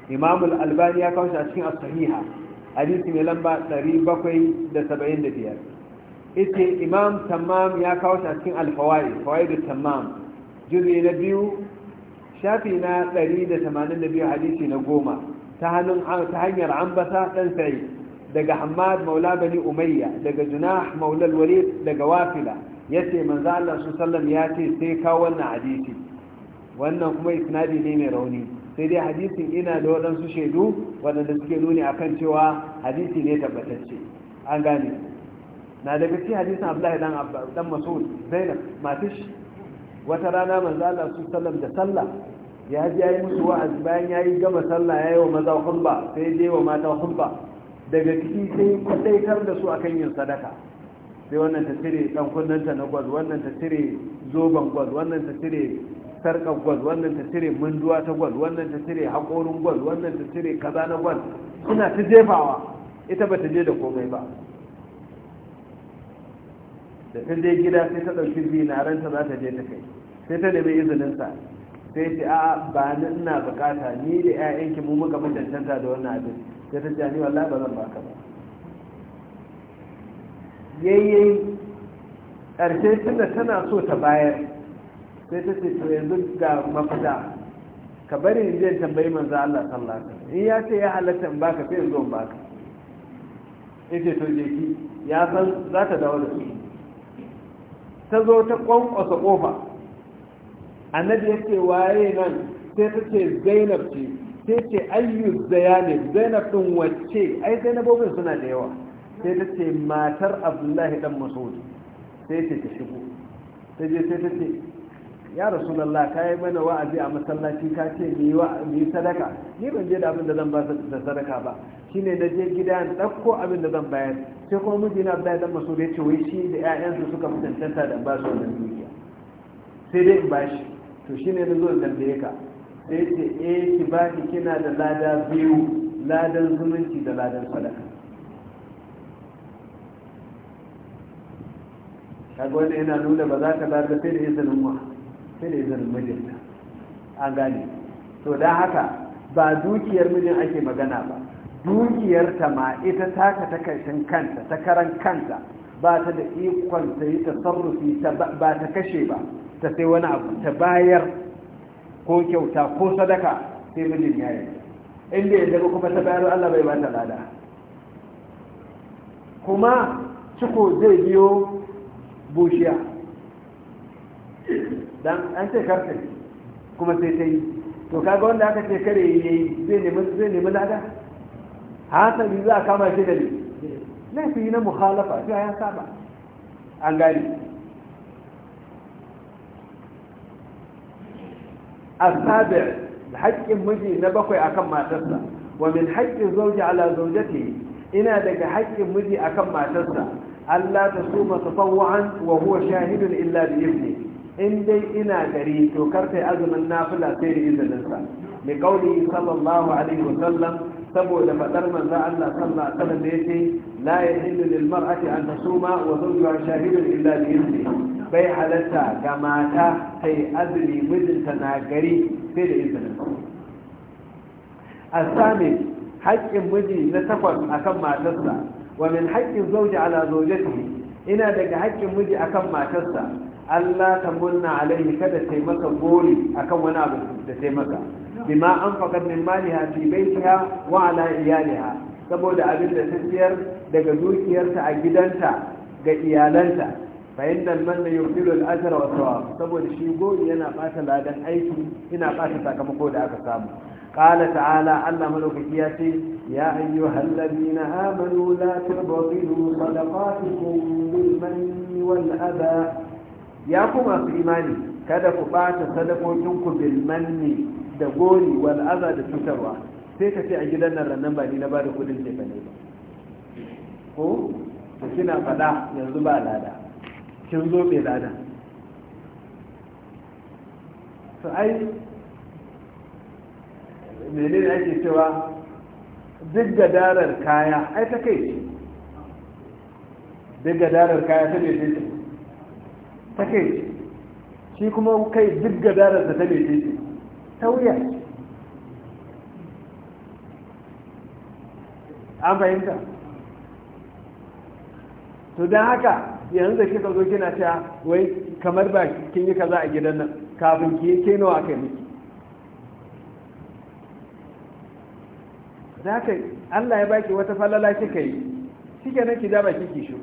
S1: imam al-albani ya kawo shi a cikin as-sahiha hadisi mai lamba 775 ita imam tamam ya kawo shi a cikin al-fawaid da tamam juzu na biyu shafi na 182 hadisi na goma ta hannun ta hanyar ambata dan sai daga hammad maula bani umayya daga junah maula al-walid daga wafila yace manzo Allah su sallam ya ce sai ka wannan hadisi wannan kuma isnadi ne mai rauni sai dai hadisin ina da waɗansu shaidu waɗanda suke nuni akan cewa hadisi ne tabbatacce an gane na daga cikin hadisin Abdullahi dan dan Mas'ud Zainab matish wata rana manzo Allah su sallam da sallah ya ji ya yi musu wa'azi bayan ya yi gama sallah ya yi wa maza hulba sai je wa mata hulba daga ciki sai kwadaitar da su akan yin sadaka sai wannan ta cire kunnen ta na gwaz wannan ta cire zoben gwaz wannan ta cire sarkar gwaz wannan ta cire munduwa ta gwaz wannan ta cire haƙorin gwaz wannan ta cire kaza na gwaz suna ta jefawa ita ba ta je da komai ba da ta je gida sai ta ɗauki zinaranta za ta je ta kai sai ta nemi izininsa sai ce a'a ba ni ina bukata ni da ƴaƴanki mu muka mun cancanta da wannan abin sai ta ce ni wallahi ba zan baka ba yayyayi ƙarshe tunda tana so ta bayar sai ta ce to yanzu ga mafita ka bari in je tambayi manzo Allah sallallahu alaihi wasallam in ya ce ya halatta in baka sai in zo in baka ce to je ki ya san za ta dawo da su ta zo ta kwankwasa kofa annabi yake waye nan sai ta ce zainab ce sai ce ayyu zayani zainab din wacce ai zainabobin suna da yawa sai ta ce matar abdullahi dan masud sai ce ta shigo ta je sai ta ce ya rasulullah ka yi mana wa'azi a masallaci ka ce wa yi sadaka ni ban je da abin da zan ba da sadaka ba shine na je gida in abin da zan bayar sai kuma mijina abdullahi dan masud ya ce wai shi da 'ya'yansu suka fi da ba su wannan dukiya sai dai in bashi to shi ne na zo tambaye ka sai ce eh ki ba ki kina da lada biyu ladan zumunci da ladan sadaka kaga wanda yana nuna ba za ka lada sai da izinin wa sai da izinin mijinta an gane to da haka ba dukiyar mijin ake magana ba dukiyar ta ma ita taka ta karshen kanta ta karan kanta ba ta da ikon ta yi tasarrufi ba ta kashe ba ta sai wani abu ta bayar ko kyauta ko sadaka sai mijin ya yi inda yadda kuma ta bayar Allah bai bata lada kuma ciko zai biyo bushiya dan an ce karfe kuma sai ta yi to kaga wanda aka ce kare yayi zai nemi zai nemi lada hasali za a kama shi da ne laifi na shi sai ya saba an gani asabi hakkin miji na bakwai akan matarsa wa min haƙƙin zauji ala zaujati ina daga hakkin miji akan matarsa Allah ta suma tatawwan wa huwa shahidun illa bi izni in dai ina gari to kar kai azumin nafila sai da izininsa li qawli sallallahu alaihi wa sallam saboda fadar manzo Allah sallallahu alaihi wa sallam da yace la yahillu lil mar'ati an tasuma wa zawjuha shahidun illa bi izni bai halatta ga mata ta yi azumi mijinta na gari sai da izinin a sami haƙƙin miji na takwas akan matarsa wa min haƙƙin zauji ala zaujatihi ina daga haƙƙin miji akan matarsa Allah ta munna alaihi kada ta maka a akan wani abu da ta maka bima an faƙar min maliha fi baitiha wa ala iyaliha saboda abin da ta ciyar daga dukiyarta a gidanta ga iyalanta fahimdan man da yau dilo al'asara wasu wa saboda shi goyi yana ɓata ladan aiki ina ɓata sakamako da aka samu ƙala ta'ala allah malaukaki ya ce ya ayyu hallabi na amanu la tabbatu sadaqatukum bil manni wal adha ya ku imani kada ku ɓata sadakokinku bil manni da goyi wal adha da cutarwa sai ka ce a gidan nan rannan ba ni na ba da kudin ne ba ne ba kina faɗa yanzu ba lada kin zo mai lada su ai mene ne ake cewa duk gadarar kaya ai ta kai ce duk gadarar kaya ta mai ce ta kai ce shi kuma kai duk gadarar ta mai ce ta wuya an fahimta to don haka yanzu da kika zo kina ta wai kamar ba kin yi kaza a gidan nan kafin ki ke nawa aka miki za ka Allah ya baki wata falala kika yi shi nan ki da baki ki shi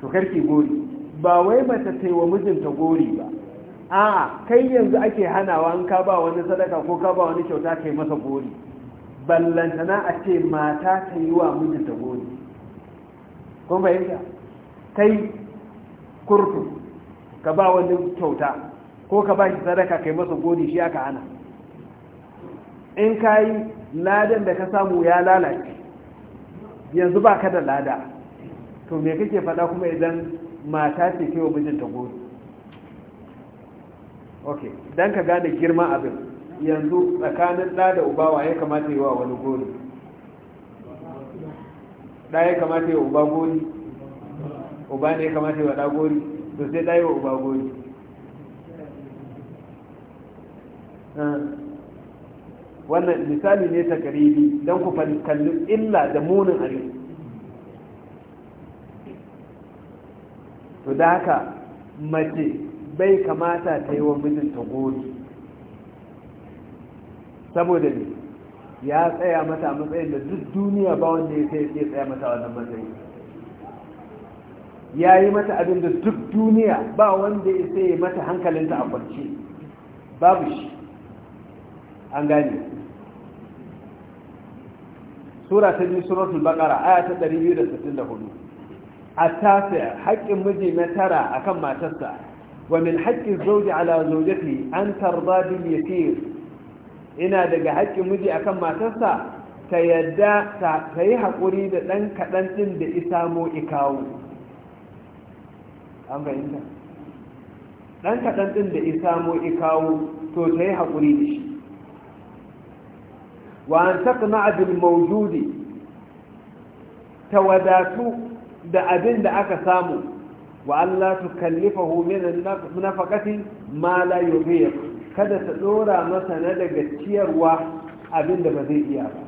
S1: to karki gori ba wai ba ta wa mijinta gori ba a'a kai yanzu ake hanawa an ka ba wani sadaka ko ka ba wani kyauta kai masa gori ballantana a ce mata ta yi wa mijinta gori kun fahimta kai kurtu ka ba wani kyauta ko ka ba shi sadaka kai masa gode shi aka hana in ka yi ladan da ka samu ya lalace yanzu ba ka da lada to me kake faɗa kuma idan mata ce kewa mijinta gode ok don ka gane girma abin yanzu tsakanin ɗa da uba ya kamata yi wa wani gode ɗaya kamata ya uba gori uba ne kamata ya waɗa gori to sai ɗaya wa uba gori ah. wannan misali ne ta karibi don ku kalli illa da munin abin to da haka mace bai kamata ta yi wa mijinta gori saboda ne ya tsaya mata matsayin da duk duniya ba wanda ya sai tsaya mata wannan matsayi ya yi mata abin da duk duniya ba wanda ya sai mata hankalinta a kwanci babu shi an gane sura ta biyu suratul baqara aya ta 264 a tasi haƙƙin miji na tara akan matarsa wa min haqqi az ala zawjatihi an tarda bil yatir ina daga haƙƙin miji akan matarsa ta yadda ta yi haƙuri da ɗan kaɗan ɗin da mo ikawo an fahimta ɗan kaɗan ɗin da mo ikawo to ta yi haƙuri da shi wa an taƙna abin maujudi ta wadatu da abin da aka samu wa Allah tukallifahu min nafaqati ma la yughiq kada ta dora masa na daga ciyarwa abin da ba zai iya ba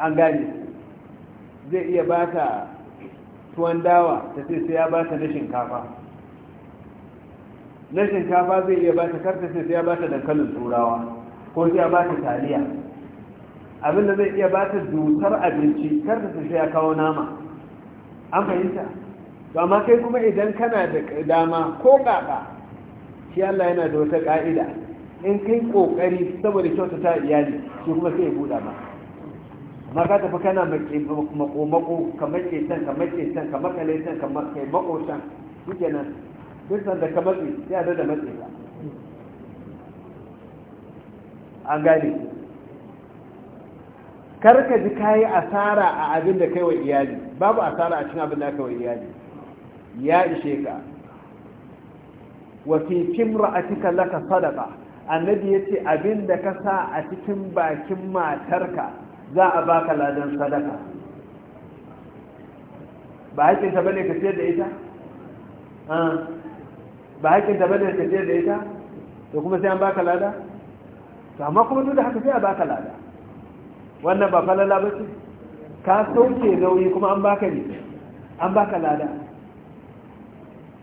S1: an gane zai iya ba ta tuwon dawa ta ce sai ya ba ta na shinkafa na shinkafa zai iya ba ta karta sai ya ba ta dankalin turawa ko sai ya ba ta taliya abin da zai iya ba ta dutar abinci karta sai ya kawo nama an fahimta to amma kai kuma idan kana da dama ko kaka shi Allah yana da wata ka'ida in kai kokari saboda kyautata iyali shi kuma sai ya buɗa ma amma ka tafi kana makomako ka ke can ka ke can ka kale can kamar kai makoshan shi nan duk sanda ka matsi sai a da matsi ka an gane karka ji kayi asara a abin da kai wa iyali babu asara a cikin abin da kai wa iyali ya ishe ka wa fi kimra'atika laka sadaqa annabi yace abinda ka sa a cikin bakin matarka za a baka ladan sadaka ba haƙin ta bane ka ciyar da ita ba haƙin ta bane ka ciyar da ita to kuma sai an baka lada to amma kuma duk da haka sai a baka lada wannan ba falala ba ce ka sauke nauyi kuma an baka ne an baka lada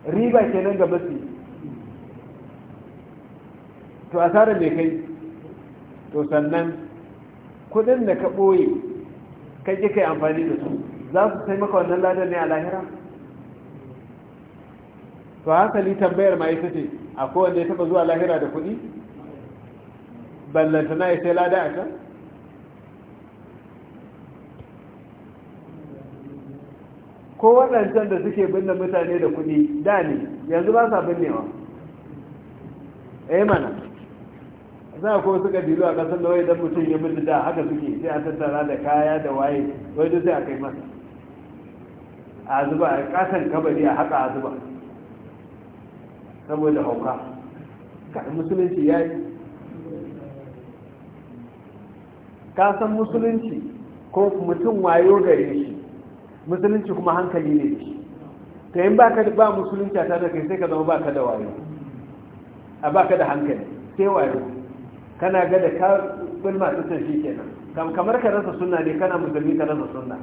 S1: riba kenan ga masu to asarar mai kai to sannan kudin da ka ɓoye kai ƙi kai amfani da su za su sai maka wannan ladar ne a lahira to hankali tambayar ma ita ce a kowanne taba zuwa lahira da kuɗi ballantana ya sai lada a can ko waɗancan da suke binne mutane da kuɗi da ne yanzu ba sa binnewa eh mana za ko su kabilu a kasar da don mutum ya mutu da haka suke sai a tattara da kaya da waye wai duk sai a kai masa a zuba a kasan kabari a haka a zuba saboda hauka ka musulunci ya yi kasan
S2: musulunci
S1: ko mutum wayo gare shi musulunci kuma hankali ne shi ta yin baka da ba musulunci a tare da kai sai ka zama baka da wayo a baka da hankali sai wayo kana ga da kafin bulma ta san shi kenan kamar ka rasa sunna ne kana musulmi ka rasa sunna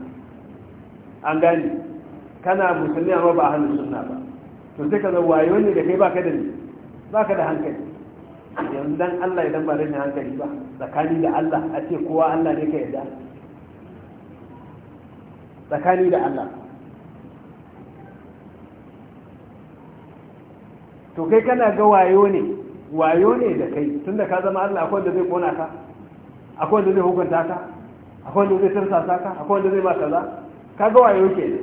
S1: an gani kana musulmi amma ba ahlus sunna ba to sai ka zama wayo ne da kai ba ka da ni ka da hankali yanzu dan Allah idan ba rashin hankali ba tsakani da Allah a ce kowa Allah ne ka yarda tsakani da Allah to kai kana ga wayo ne wayo ne da kai tunda ka zama Allah akwai wanda zai kona ka akwai wanda zai hukunta ka akwai wanda zai tarsasa ka akwai wanda zai ba kaza kaga wayo ke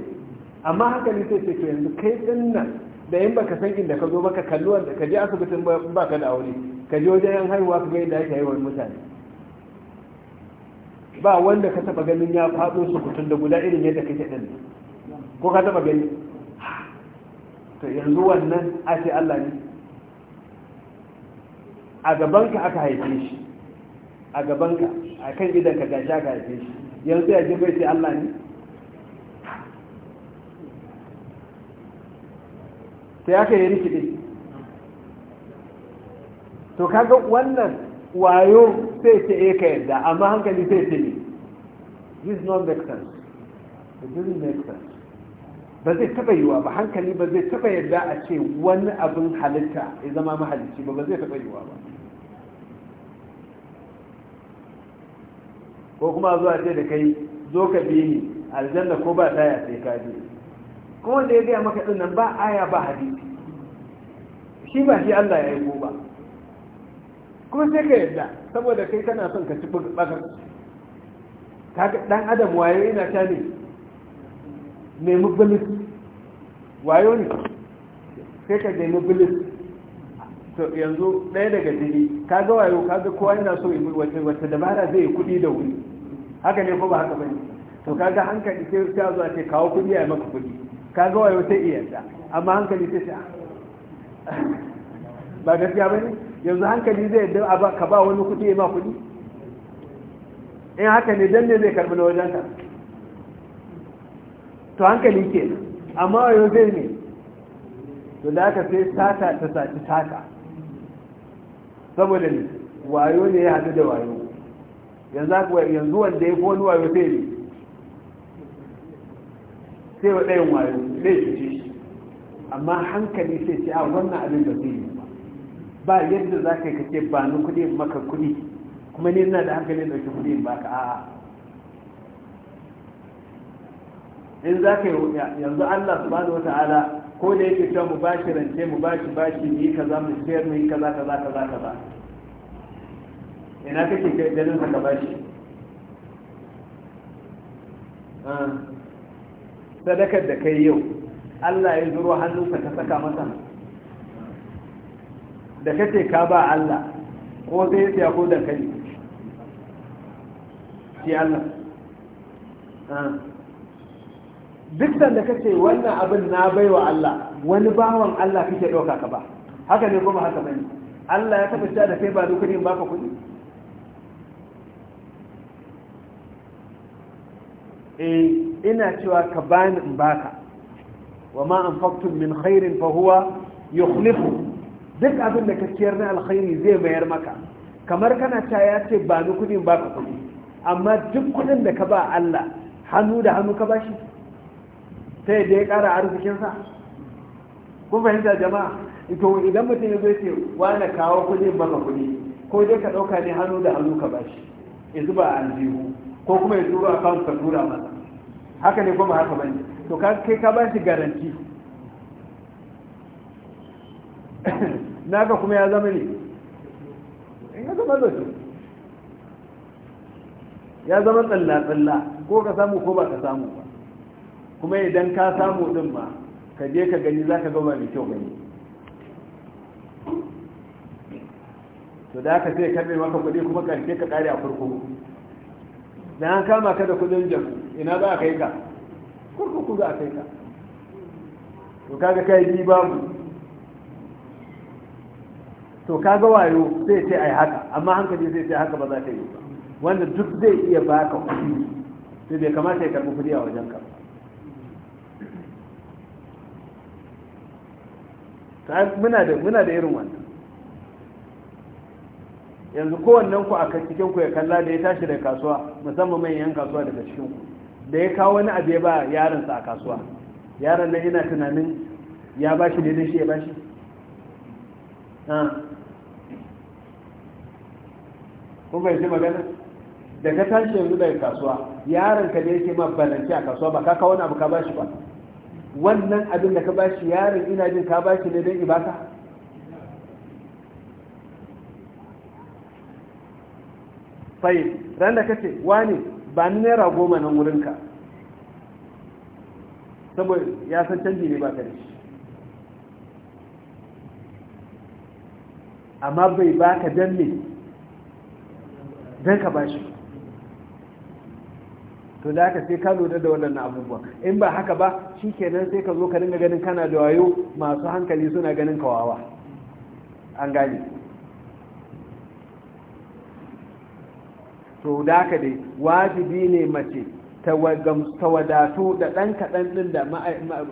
S1: amma ne sai ce yanzu kai din nan da in baka san inda ka zo baka kallo wanda ka je asibitin baka da aure ka je wajen yan haihuwa ka ga yadda ake haihuwar mutane ba wanda ka taba ganin ya faɗo su kutun da guda irin yadda kake din ko ka taba gani to yanzu wannan a ce Allah ne a gabanka aka haife shi a gabanka a kan gidanka gashi aka haife shi yanzu ya ji bai sai Allah ne sai aka yi rikide to kaga wannan wayo sai ce e ka yadda amma hankali sai ce ne this not make sense it doesn't make sense ba zai taba yiwa ba hankali ba zai taba yadda a ce wani abin halitta ya zama mahalicci ba ba zai taba yiwa ba ko kuma zuwa ce da kai zo ka bi ni aljanna ko ba taya sai ka bi ko wanda ya gaya maka din nan ba aya ba hadisi shi ba shi Allah ya yi ko ba kuma sai ka yadda saboda kai kana son ka ci bakar kaga dan adam waye yana ta ne mai mubalis wayo ne sai ka je mubalis to yanzu ɗaya daga jini kaga wayo kaga kowa yana so wata dabara zai yi kuɗi da wuri haka ne ko ba haka bane to kaga hankali sai ta zuwa ce kawo kudi a maka kudi kaga wayo sai iya ta amma hankali sai ta ah. ba gaskiya bane yanzu hankali zai yadda a ka ba wani kudi ya ma kudi in haka ne dan ne zai karbi na ka? to hankali ke amma wayo zai ne to da aka sai sata ta sati sata saboda ne wayo ne ya haɗu da wayo yanzu wanda ya wani wayo sai ne sai wa ɗayan wayo zai su ce amma hankali sai ce a wannan abin da zai yi ba yadda za ka yi kake ba ni kuɗi maka kudi kuma ne na da hankali ɗauki kuɗi in baka a'a in za ka yi yanzu Allah su wata ala ko da yake cewa mu bashi rance mu bashi bashi ni kaza mu sayar mu yi kaza kaza kaza kaza ina kake kai ganin haka ba shi ah. sadakar da kai yau Allah ya zuro hannunka ta saka masa da kace ka ba Allah ko zai siya ko dankali shi Allah ah. duk da kace wannan abin na baiwa Allah wani bawan Allah kake ɗauka ka ba haka ne kuma haka bane Allah ya tabbata da kai ba ba baka kuɗi Eh, ina cewa ka bani in baka wa ma anfaqtum min khairin fa huwa yukhlifu duk abin da ka ciyar na alkhairi zai mayar maka kamar kana ta ya ce ba ni kudin ba kudi amma duk kudin da ka ba Allah hannu da hannu ka bashi sai da ya kara arzikinsa kun fahimta jama'a to idan mutum ya zai ce na kawo kudin ba ka kudi ko dai ka dauka ne hannu da hannu ka bashi ya zuba a aljihu ko kuma ya tura a kan ka tura masa haka ne kuma haka bane to kai ka bashi garanti naka kuma ya zama ne ya zama zato ya zama tsalla-tsalla ko ka samu ko ba ka samu ba kuma idan ka samu din ma ka je ka gani za ka zama mai kyau gani to da aka sai karbe maka kudi kuma ka ka kare a kurkuku da an kama ka da kudin jamu ina za a kai ka kurkuku za a kai ka to kaga kai bi babu to kaga wayo zai ce ai haka amma hankali zai ce haka ba za ta yi ba wanda duk zai iya baka kudi sai bai kamata ya karbi kuɗi a wajen ka muna da muna da irin wannan yanzu kowannen ku a cikin ku ya kalla da ya tashi da kasuwa musamman manyan kasuwa daga cikin ku da ya kawo wani abu ya ba yaransa sa a kasuwa yaron nan ina tunanin ya bashi daidai shi ya bashi kun bai shi magana da ka tashi yanzu daga kasuwa yaron ka da yake ma balance a kasuwa ba ka kawo wani abu ka bashi ba wannan abin da ka bashi yaron ina jin ka bashi ne don ibaka fayi ran da kace wani ba ni naira goma nan wurinka saboda ya san canji ne ba ka da shi amma bai baka dan danne dan ka bashi to da ka sai ka lura da wannan abubuwa in ba haka ba shi kenan sai ka zo ka dinga ganin kana da wayo masu hankali suna ganin kawawa an gane to da haka dai wajibi ne mace ta wadatu da ɗan kaɗan ɗin da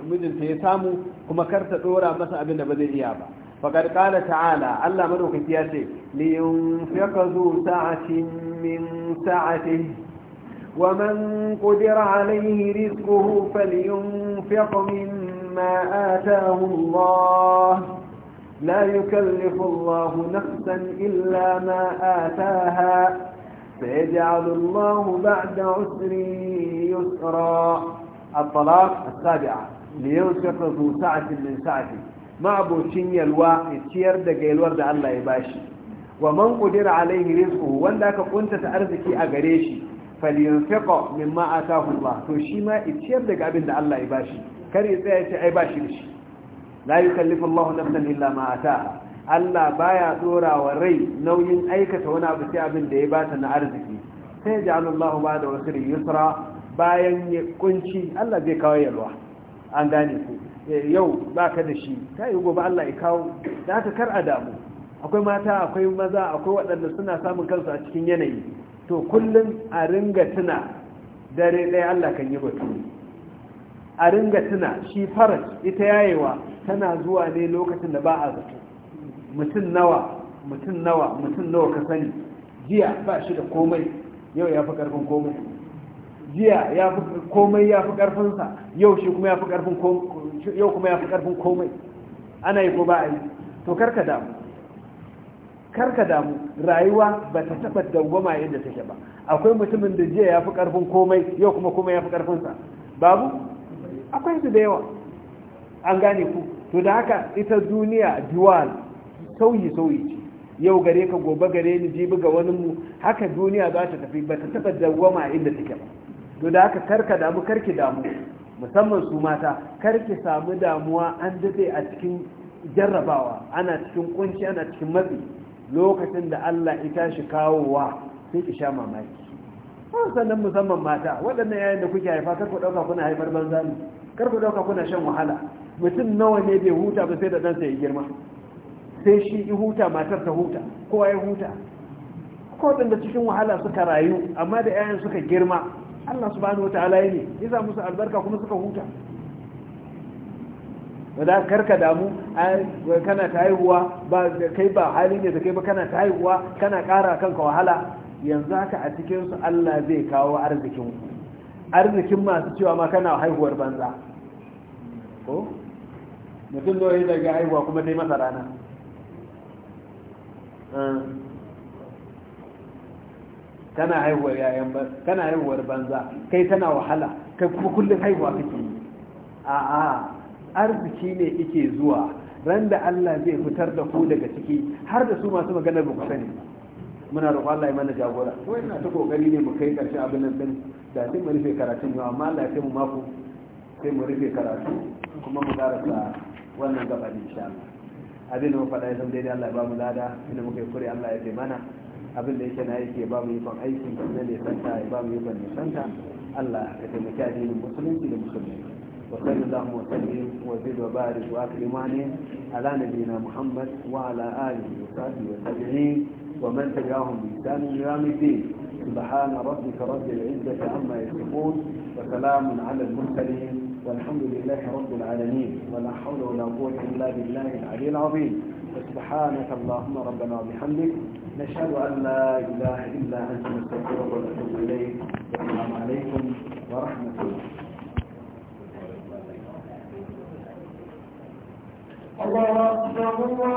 S1: mijinta ya samu kuma kar ta ɗora masa abin da ba zai iya ba faƙar ƙala ta'ala allah maɗaukaki ya ce liyun fiƙa zu sa'atin min sa'ati wa man ƙudira alaihi rizquhu falyunfiq mimma ataahu allah la yukallifu allah nafsan illa ma ataaha سيجعل الله بعد عسر يسرا الطلاق السابعة ليوسف ذو سعة من سعته ما أبو شنيا الواقع تشير دقى الورد الله يباشي ومن قدر عليه رزقه وانك كنت تأرزكي أغريشي فلينفق مما آتاه الله توشيما تشير دقى أبن الله يباشي كريسة يتعي باشي لا يكلف الله نفسا إلا ما آتاها Allah baya dora wa rai nauyin aikata wani abu sai abin da ya bata na arziki sai ya Allah ba da wasu yusra bayan ya kunci Allah zai kawo yalwa an gane ku eh, yau ba ka da shi ta yi gobe Allah ya kawo da haka kar a damu akwai mata akwai maza akwai waɗanda suna samun kansu a cikin yanayi to kullum a ringa tuna dare ɗaya Allah kan yi batu a ringa tuna shi faras ita yayewa tana zuwa ne lokacin da ba a zato mutum nawa mutum nawa mutum nawa ka sani jiya ba shi da komai yau ya fi karfin komai jiya ya fi komai ya fi karfinsa yau shi kuma ya fi karfin yau kuma ya fi karfin komai ana yi ko ba a yi to karka damu karka damu rayuwa ba ta taba dawwama yadda take ba akwai mutumin da jiya ya fi karfin komai yau kuma kuma ya fi karfinsa babu akwai su da yawa an gane ku to da haka ita duniya dual sauyi sauyi ce yau gare ka gobe gare ni jibi ga wani mu haka duniya za ta tafi ba ta taba dawwama inda take ba to da haka karka damu karki damu musamman su mata karki samu damuwa an dade a cikin jarrabawa ana cikin kunci ana cikin matsi lokacin da Allah ya tashi kawowa sai ki sha mamaki sannan musamman mata waɗannan yayin da kuke haifa karku ɗauka kuna haifar banza ne karku ɗauka kuna shan wahala mutum nawa ne bai huta ba sai da ɗansa ya girma sai shi yi huta matar ta huta kowa ya huta ko waɗanda cikin wahala suka rayu amma da 'ya'yan suka girma Allah subhanahu wataala ya ne ya musu albarka kuma suka huta da karka damu kana ta haihuwa ba kai ba halin da kai ba kana ta haihuwa kana ƙara kanka wahala yanzu haka a cikinsu Allah zai kawo arzikin arzikin masu cewa ma kana haihuwar banza ko mutum da daga haihuwa kuma dai masa rana Eh. kana haihuwar yayan ba tana haihuwar banza kai tana wahala kai kuma kullum haihuwa kake yi a a arziki ne yake zuwa ran da Allah zai fitar da ku daga ciki har da su masu maganar ba ku sani muna roƙo Allah ya mana jagora ko ina ta kokari ne mu kai karshe abin nan din da duk mu rufe karatu ne amma Allah ya kai mu mako sai mu rufe karatu kuma mu karasa wannan gaba insha Allah abin da mu faɗa ya zama daidai Allah ya ba mu lada inda muka yi kure Allah ya ce mana abin da yake na aiki ya ba mu ikon aiki na santa, ya ba mu ikon santa, Allah ya taimaki addinin musulunci da musulmi wa sallallahu wa sallim wa zid wa barik wa akrim ala nabiyyina Muhammad wa ala alihi wa sahbihi wa tabi'in wa man tabi'ahum bi ihsan ila yawm الدين سبحان ربك رب العزة عما يصفون وسلام على المرسلين والحمد لله رب العالمين ولا حول ولا قوة إلا بالله العلي العظيم سبحانك اللهم ربنا وبحمدك نشهد أن لا إله إلا أنت نستغفرك ونتوب إليك والسلام عليكم
S2: ورحمة الله الله أكبر الله